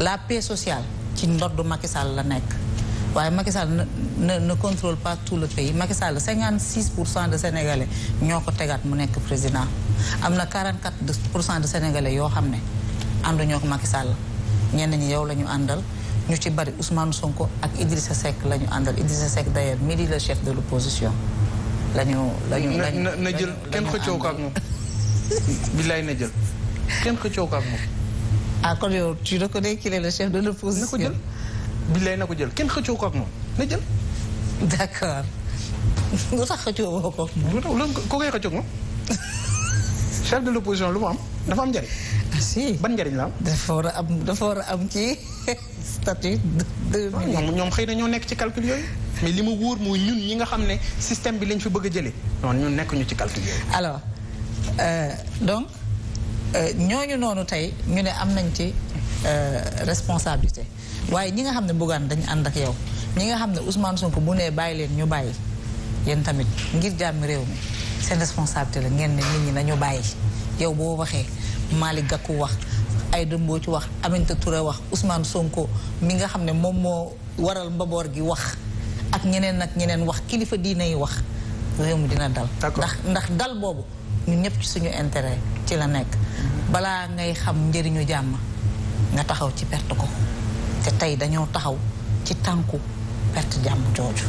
la paix sociale ci ndodd Macky Sall la nekk waaye Macky Sall ne ne contrôle pas tout le pays Macky Sall 56 pour cent de sénégalais ñoo ko tegaat mu nekk président am na 44 pour cent de sénégalais yoo xam ne ànduñoo ko Macky Sall ñenn ñi yow la ñu àndal ñu ci bari Ousmane Sonko ak Idrissa Seck la ñu àndal Idrissa Seck d'ailleurs mi di le chef de l'opposition la lañu la ñu na jël kenn ko ak moom billaay na jël kenn xëccoo ko ak moom ah kon yow tu le chef de l'opposition na ko jël billaay na ko jël kenn xëccoo ko moom na jël d'accord lu tax xëccoo woo moom ko koy moom chef de l'opposition lu mu am dafa am njëriñ. Ah, si ban njëriñ la am. dafa war a am dafa war a am ci statut de. Ah, ñoom xëy na ñoo nekk ci calcul yooyu. mais li ma wóor mooy ñun ñi nga xam ne système bi lañ fi bëgg a jëlee. noonu ñun nekk ñu ci calcul yooyu. alors euh, donc euh, ñooñu noonu tey ñu ne am nañ ci euh, responsabilité waaye ñi nga xam ne Bougane dañu ànd ak yow ñi nga xam ne Ousmane Sonko bu nee bàyyi leen ñu bàyyi yéen tamit ngir jàmm réew mi seen responsabilité la ngeen ne nit ñi nañu bàyyi. yow boo waxee Malick Gakou wax ay Aïda ci wax Aminata Touré wax usmaan Sonko mi nga xam ne moom moo waral mbaboor gi wax ak ñeneen ak ñeneen wax kilifa diine yi wax réew mi dina dal ndax ndax dal boobu ñu ñëpp suñu intérêt ci la nekk balaa ngay xam njëriñu jàmm nga taxaw ci perte ko te tey dañoo taxaw ci tànku perte jàmm jooju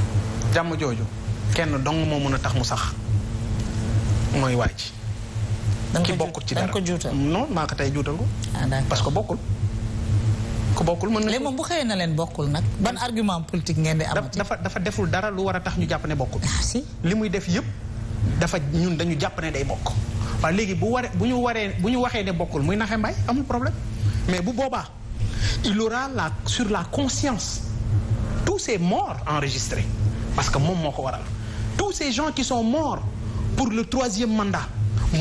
jàmm jooju kenn dong moo mën a tax mu sax mooy wàcc ki bokkul ci dara non maa ko tey juutal ko ah, parce que bokkul ku bokkul mën na léegi moom bu xëyee na leen bokkul nag ban argument politique ngeen di amati dafa dafa deful dara lu war a tax ñu jàpp ne bokkul ah, si li muy def yëpp dafa ñun dañu jàpp day bokk waaw léegi bu waree bu ñu waree bu ñu waxee ne bokkul muy naxe mbay amul problème mais bu boobaa il aura la sur la conscience tous ces morts enregistrés parce que moom moo ko waral tous ces gens qui sont morts pour le troisième mandat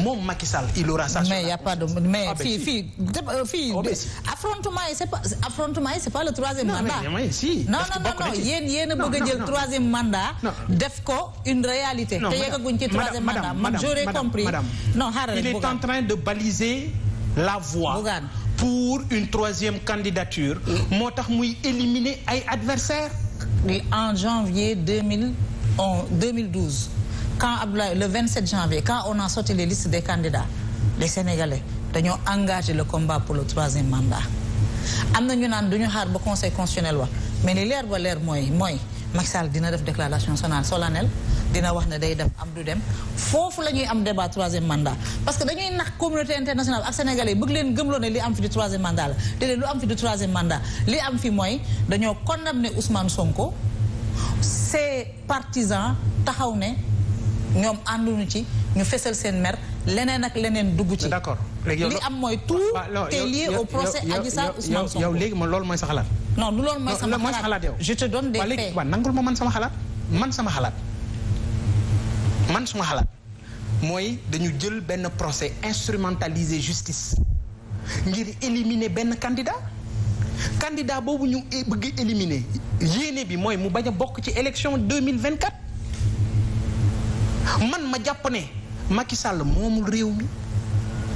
moom Macky Sall il aura ça mais y a pas de mais ah, fii fii euh, fii oh, affrontement yi c'est pas affrontement yi c'est pas le troisième mandat non non non yéen yéen a bëgg a jël troisième mandat def ko une réalité te yeggaguñ ci troisième mandat man j'aurais compris non xaaral il est en train de baliser la voie pour une troisième candidature moo tax muy éliminer ay en janvier quand Abdoulaye le 27 janvier quand on a sorti les listes des candidats les Sénégalais dañoo engagé le combat pour le troisième mandat am na ñu naan du ñu xaar ba conseil constitutionnel wa mais li leer ba leer mooy mooy Macky dina def déclaration nationale solennelle dina wax ne day dem am du dem foofu la ñuy am débat troisième mandat parce que dañuy nax communauté internationale ak sénégalais bëgg leen gëmloo ne li am fi du troisième mandat la déedéet lu am fi du troisième am fi mooy dañoo condamné Ousmane Sonko ses partisans taxaw ne ñoom ànduñu ci ñu fesal seen mer leneen ak leneen dugg ci. d'accord léegi li am mooy tout est lié au procès Adji Sarr Ousmane Sonko. yow léegi ma lool mooy sa xalaat. non du loolu mooy sama xalaat yow. je te donne des faits nangul ma man sama xalaat man sama xalaat suma xalaat mooy dañu jël benn procès instrumentaliser justice ngir éliminer benn candidat. candidat boobu ñu bëgg éliminer yéene bi mooy mu bañ a bokk ci élection 2024 man ma jàpp ne Macky Sall moomul réew mi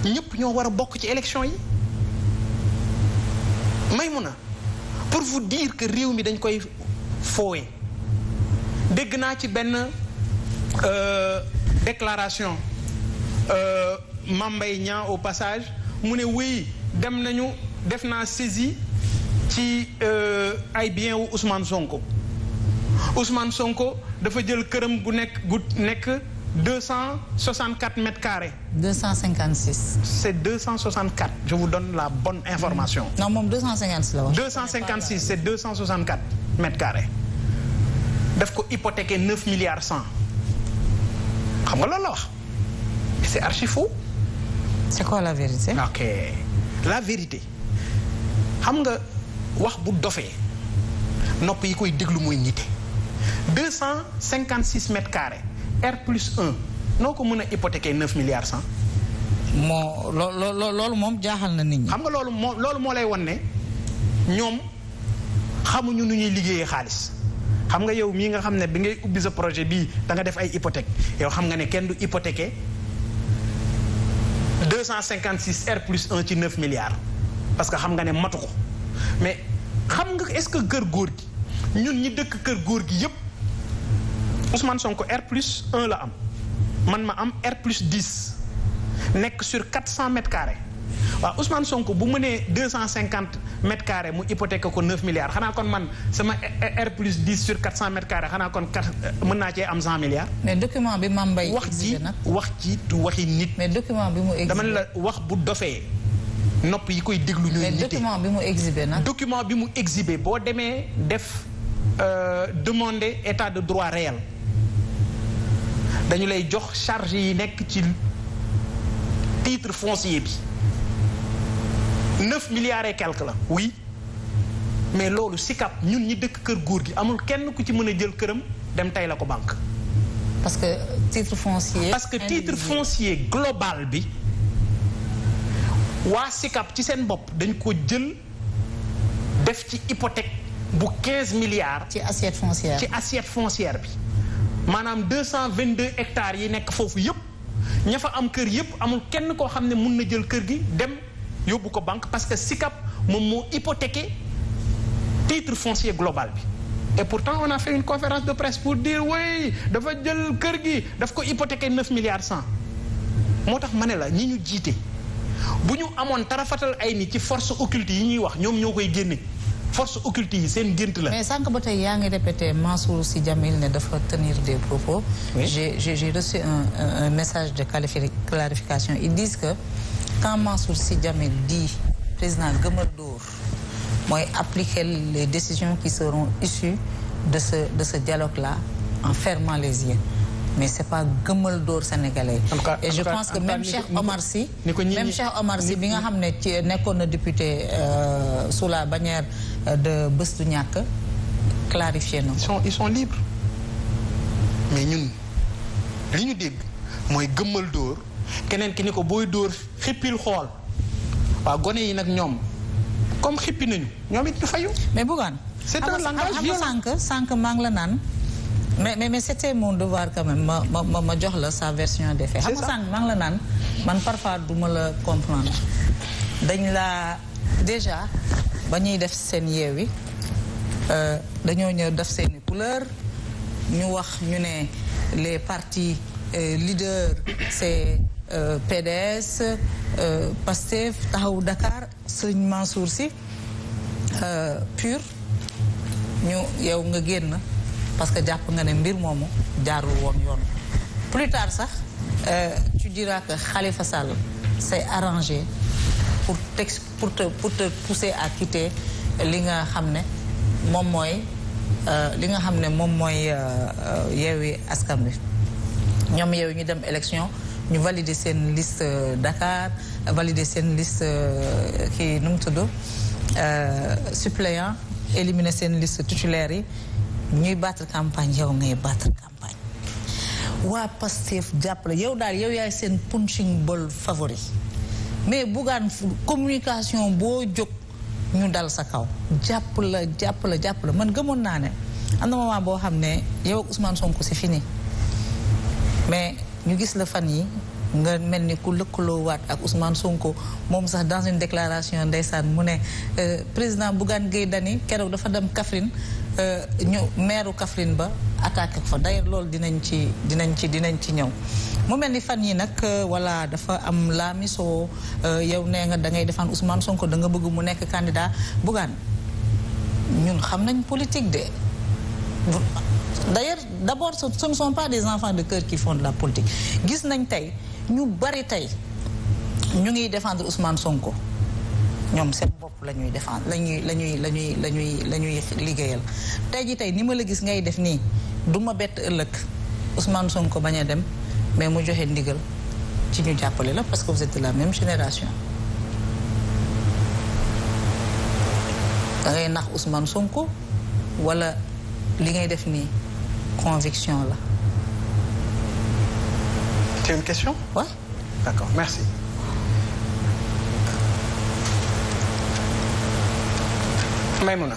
ñëpp ñoo war a bokk ci élection yi may mun a pour vous dire que réew mi dañ koy foowe dégg naa ci benn euh, déclaration euh, Mambay Niang au passage mu ne wéy dem nañu def naa saisie ci euh, ay bien wu Ousmane Sonko Ousmane Sonko dafa jël këram gu nekk gu nekk deux cent soixante quatre mètres carrés. deux cent cinquante six. c'est deux cent soixante quatre je vous la bonne information. non moom deux cent cinquante six la wax. deux cent cinquante six c'est deux cent soixante quatre mètres carrés. daf ko hypothéqué neuf milliards cent. xam nga loolu la wax c'est archi faux. c'est quoi la vérité. la vérité xam nga wax bu dofee nopp yi koy déglu mooy ñite. deux cent cinquante six mètres carrés R plus un noo ko mën a hypothéquer neuf milliards cent. moo loo loo loolu moom jaaxal na nit ñi. xam nga loolu moo loolu moo lay won ne ñoom xamuñu nu ñuy liggéeyee xaalis. xam nga yow mii nga xam ne bi ngay ubbi sa projet bii da nga def ay hypothèque yow xam nga ne kenn du hypothéquer deux cent cinquante six R plus un ci neuf milliards parce que xam nga ne matu mais xam nga est-ce que kër góor gi ñun ñi dëkk kër góor gi yépp Ousmane Sonko R plus 1 la am man ma am R plus 10 nekk sur 400 mètres carrés waaw Ousmane Sonko bu mu nee 250 mètres carrés mu hypothèque ko 9 milliards xanaa kon man sama R plus 10 sur 400 mètres carrés xanaa kon kat mën naa cee am 100 milliards. mais document bi Mame mbay wax ci wax ci du waxi nit. mais document bi mu exige dama la wax bu dofee nopp yi koy déglu. ñooy nit mais document bi mu exige nag. document bi mu exige boo demee def. euh, demander état de droit réel dañu lay jox charge yi nekk ci titre foncier bi neuf milliards et quelque la oui mais loolu sikap ñun ñi dëkk kër góor gi amul kenn ku ci mën a jël këram dem tey la ko banque parce que titre foncier parce que titre foncier global bi waa sikap ci seen bopp dañ ko jël def ci hypothèque bu 15 milliards. ci assiette foncière ci assiette foncière bi maanaam 222 hectares yi nekk foofu yëpp ña fa am kër yëpp amul kenn koo xam ne mun na jël kër gi dem yóbbu ko banque parce que SICAP moom moo hypothéqué titre foncier global bi. et pourtant on a fait une conférence de presse pour dire oui dafa jël kër gi daf ko hypothéquer neuf milliards cent moo tax ma ne la ñi ñu jiite bu ñu amoon tarafatal ay nit ci force occulte yi ñuy wax ñoom ñoo koy génne. force occulte yi seen gént la. mais sànq ba tey yaa ngi répété Mansour Sy Djamil ne dafa tenir des propos. oui j'ai j'ai reçu un, message de clarification ils disent que quand Mansour si Djamil di président gëmal dóor mooy appliquer les décisions qui seront issues de ce de ce dialogue la en fermant les yeux. mais c'est pas gëmal dóor sénégalais et je pense que même Cheikh Omar si même Cheikh Omar Sy bi nga xam ne ci nekkoon na député euh, sous la bannière de bés du ñàkk clarifier na. ils mais ñun li ñu dégg mooy gëmmal dóor keneen ki ni ko booy dóor xippil xool waaw gone yi nag ñoom comme xippi nañu ñoom it ñu fayu. mais Bougane. c'est un langage violent sànq sànq maa ngi la naan. mais mais mais c'était mon devoir quand même ma ma ma ma jox la sa version des faits. xam nga sànq maa ngi la naan man parfois du ma la comprendre dañ la déjà. ba ñuy def seen yeewi euh, dañoo ñëw def seeni couleur ñu wax ñu ne les partis euh, leaders c'est euh, PDS PASTEF Taxawu Dakar Sëriñ Mansour Sy PUR ñu yow nga génn parce que jàpp nga ne mbir moomu jaarul woon yoon plus sax tu diras que Khalifa Sall arrangé pour t'expliquer pour te pour te pousser à quitter li nga xam ne moom mooy euh, li nga xam ne moom mooy euh, euh, yeewi askan bi ñoom yeewi ñu dem élection ñu valider seen liste Dakar valide seen liste kii nu mu tudd suppléant éliminer seen liste titulaire yi ñuy battre campagne yow ngay battre campagne waa Pastef jàppale yow daal yow yaay seen punching ball favori mais Bougane communication boo jóg ñu dal sa kaw jàpp la jàpp la jàpp la man gëmoon naa ne am na moment boo xam ne yow ak Ousmane Sonko c'est fini mais ñu gis la fan yi nga mel ni ku lëkkaloo waat ak Ousmane Sonko moom sax dans une déclaration ndeysaan mu ne euh, président Bougane Gueye Dany keroog dafa dem Kaffrine Euh, ñu meeru Kaffrine ba attaque fa d'ailleurs loolu dinañ ci dinañ ci dinañ ci ñëw mu mel ni fan yi nag euh, voilà dafa am la miso euh, yow nee nga da ngay defaan Ousmane Sonko da nga bëgg mu nekk candidat Bougane ñun xam nañ politique de d'ailleurs d'abord ce ne sont pas des enfants de cœur qui font la politique gis nañ tey ñu bari tey ñu ngi défendre Ousmane Sonko ñoom seen bopp la ñuy défendre la ñuy la ñuy la ñuy la ñuy la ñuy liggéeyal tey ji tey ni ma la gis ngay def nii du ma bett ëllëg Ousmane Sonko bañ a dem mais mu joxe ndigal ci ñu jàppale la parce que vous êtes de la même génération da ngay nax Ousmane Sonko walla li ngay def nii conviction la. C'est question? Ouais. D'accord, Maymuna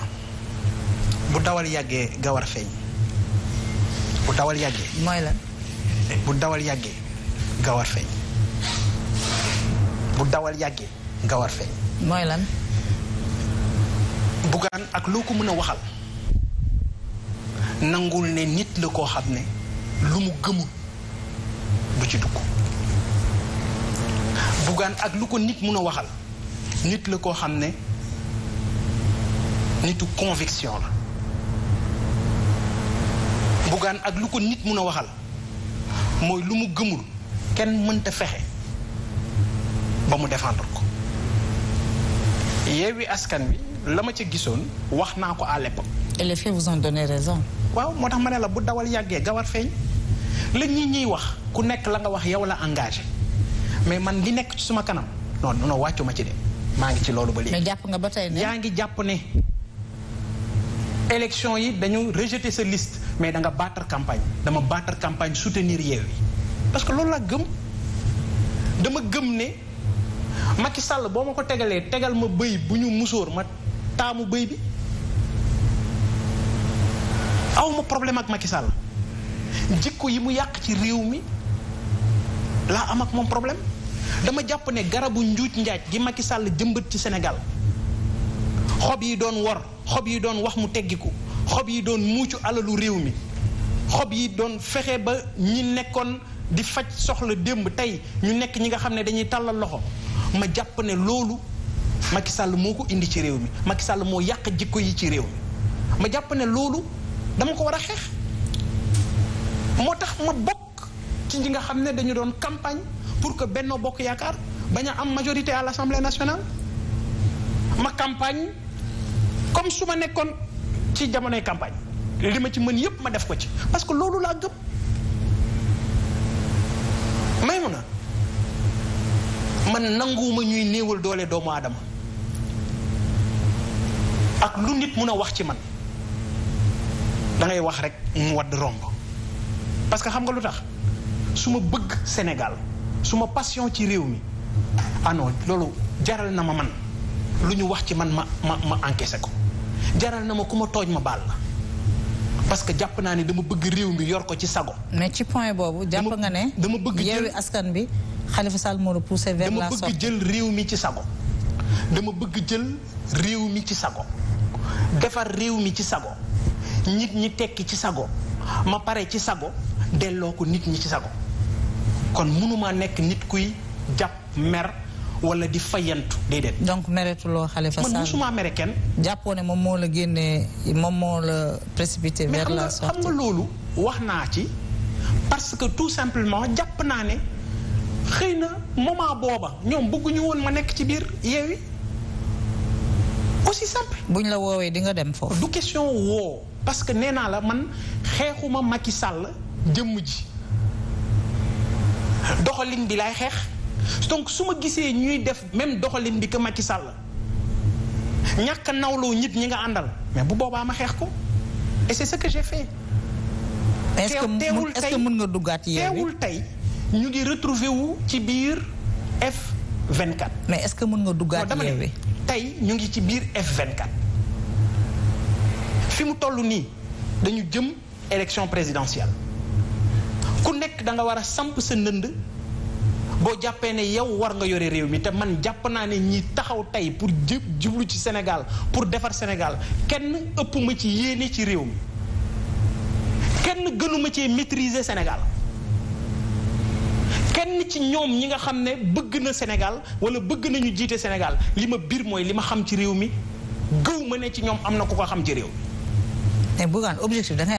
bu dawal yàggee gawar bu dawal yàggee. mooy bu dawal yàggee gawar feeñ bu dawal yàggee gawar feeñ. mooy lan. bugaan ak loo ko mën a waxal nangul ne nit la koo xam ne lu mu gëmul du ci dugg bugaan ak lu ko nit mën a waxal nit la koo xam ne. nitu conviction la Bougane ak lu ko nit mun a waxal mooy lu mu gëmul kenn mënta fexe ba mu défendre ko Yewwi Askan Wi la ma ci gisoon wax naa ko à l'époque et les faits vous ont donné raison waaw moo tax ma ne la bu dawal yàggee gawar feeñ la ñi ñuy wax ku nekk la nga wax yow la engagé mais man li nekk ci suma kanam non non wàccu ma ci dem maa ngi ci loolu ba léegi mais jàpp nga ba tey yaa ngi jàpp ne élection yi dañu rejeter sa liste mais danga nga campagne dama battre campagne soutenir Yewwi parce que loolu laa gëm dama gëm ne Macky Sall boo ma ko tegalee tegal ma bëy bu ñu musóor ma taamu bëy bi awma problème ak Macky Sall jikko yi mu yàq ci réew mi laa am ak moom problème dama jàpp ne garabu njuuj njaaj gi Macky sàll jëmbët ci senegal xob yi doon wor xob yi doon wax mu teggiku xob yi doon muucu alalu réew mi xob yi doon fexe ba ñi nekkoon di faj soxla démb tey ñu nekk ñi nga xam ne dañuy tàllal loxo ma jàpp ne loolu Macky sàll moo ko indi ci réew mi Macky Sall moo yàq jikko yi ci réew ma jàpp ne loolu dama ko war a xeex moo tax ma bokk ci ñi nga xam ne dañu doon campagne pour que Benno Bokk Yaakaar bañ a am majorité à l'Assemblée nationale ma campagne comme su ma nekkoon ci jamonoy campagne li ma ci mën yëpp ma def ko ci parce que loolu laa gëm may mu na man nanguwuma ñuy néewal doole doomu aadama ak lu nit mun a wax ci man dangay wax rek mu wadd romb parce que xam nga lu tax su ma bëgg Sénégal su ma passion ci réew mi ah loolu jaral na ma man lu ñu wax ci man ma ma ma encaissé ko jaral na ma ku ma tooj ma baal la parce que jàpp naa ne dama bëgg réew mi yor ko ci sago. mais ci point boobu. jàpp nga ne dama bëgg jël askan bi Khalifa moo la poussé vers la sortie jël réew mi ci sago. dama bëgg jël réew mi ci sago. defar réew mi ci sago. nit ñi tekki ci sago. ma pare ci sago. delloo ko nit ñi ci sago. kon mënumaa nekk nit kuy jàpp mer. wala di fayantu déedéet. donc meretuloo Khalifa Sall man musuma mere kenn. jàppoo ne moom moo la génnee moom moo la précipité. vers la sortie xam nga loolu wax naa ci parce que tout simplement jàpp naa ne xëy na moment booba ñoom bëgguñu woon ma nekk ci biir Yewwi aussi simple. buñ la woowee di nga dem foofu. du question woo parce que nee naa la man xeexuma Macky Sall jëmm ji doxalin bi laay xeex. donc su ma gisee ñuy def même doxalin bi que Macky Sall ñàkk a nawloo nit ñi nga àndal mais bu boobaa ma xeex ko et c'est ce que j'ai fait. mën nga duggaat yeewi teewul tey ñu ngi retrouver wu ci biir F24. mais est-ce que mën nga duggaat yeewi tey ñu ngi ci biir f fi mu toll nii dañu jëm élection présidentielle ku nekk da nga war a samp sa ndënd. boo jàppee ne yow war nga yore réew mi te man jàpp naa ne ñi taxaw tey pour jub jublu ci Sénégal pour defar Sénégal kenn ëpp ma ci yéene ci réew mi kenn gënuma cee maîtriser Sénégal kenn ci ñoom ñi nga xam ne bëgg na Sénégal wala bëgg nañu jiite Sénégal li ma biir mooy li ma xam ci réew mi gëw ma ne ci ñoom am na ku ko xam ci réew mi. mais Bougane objectif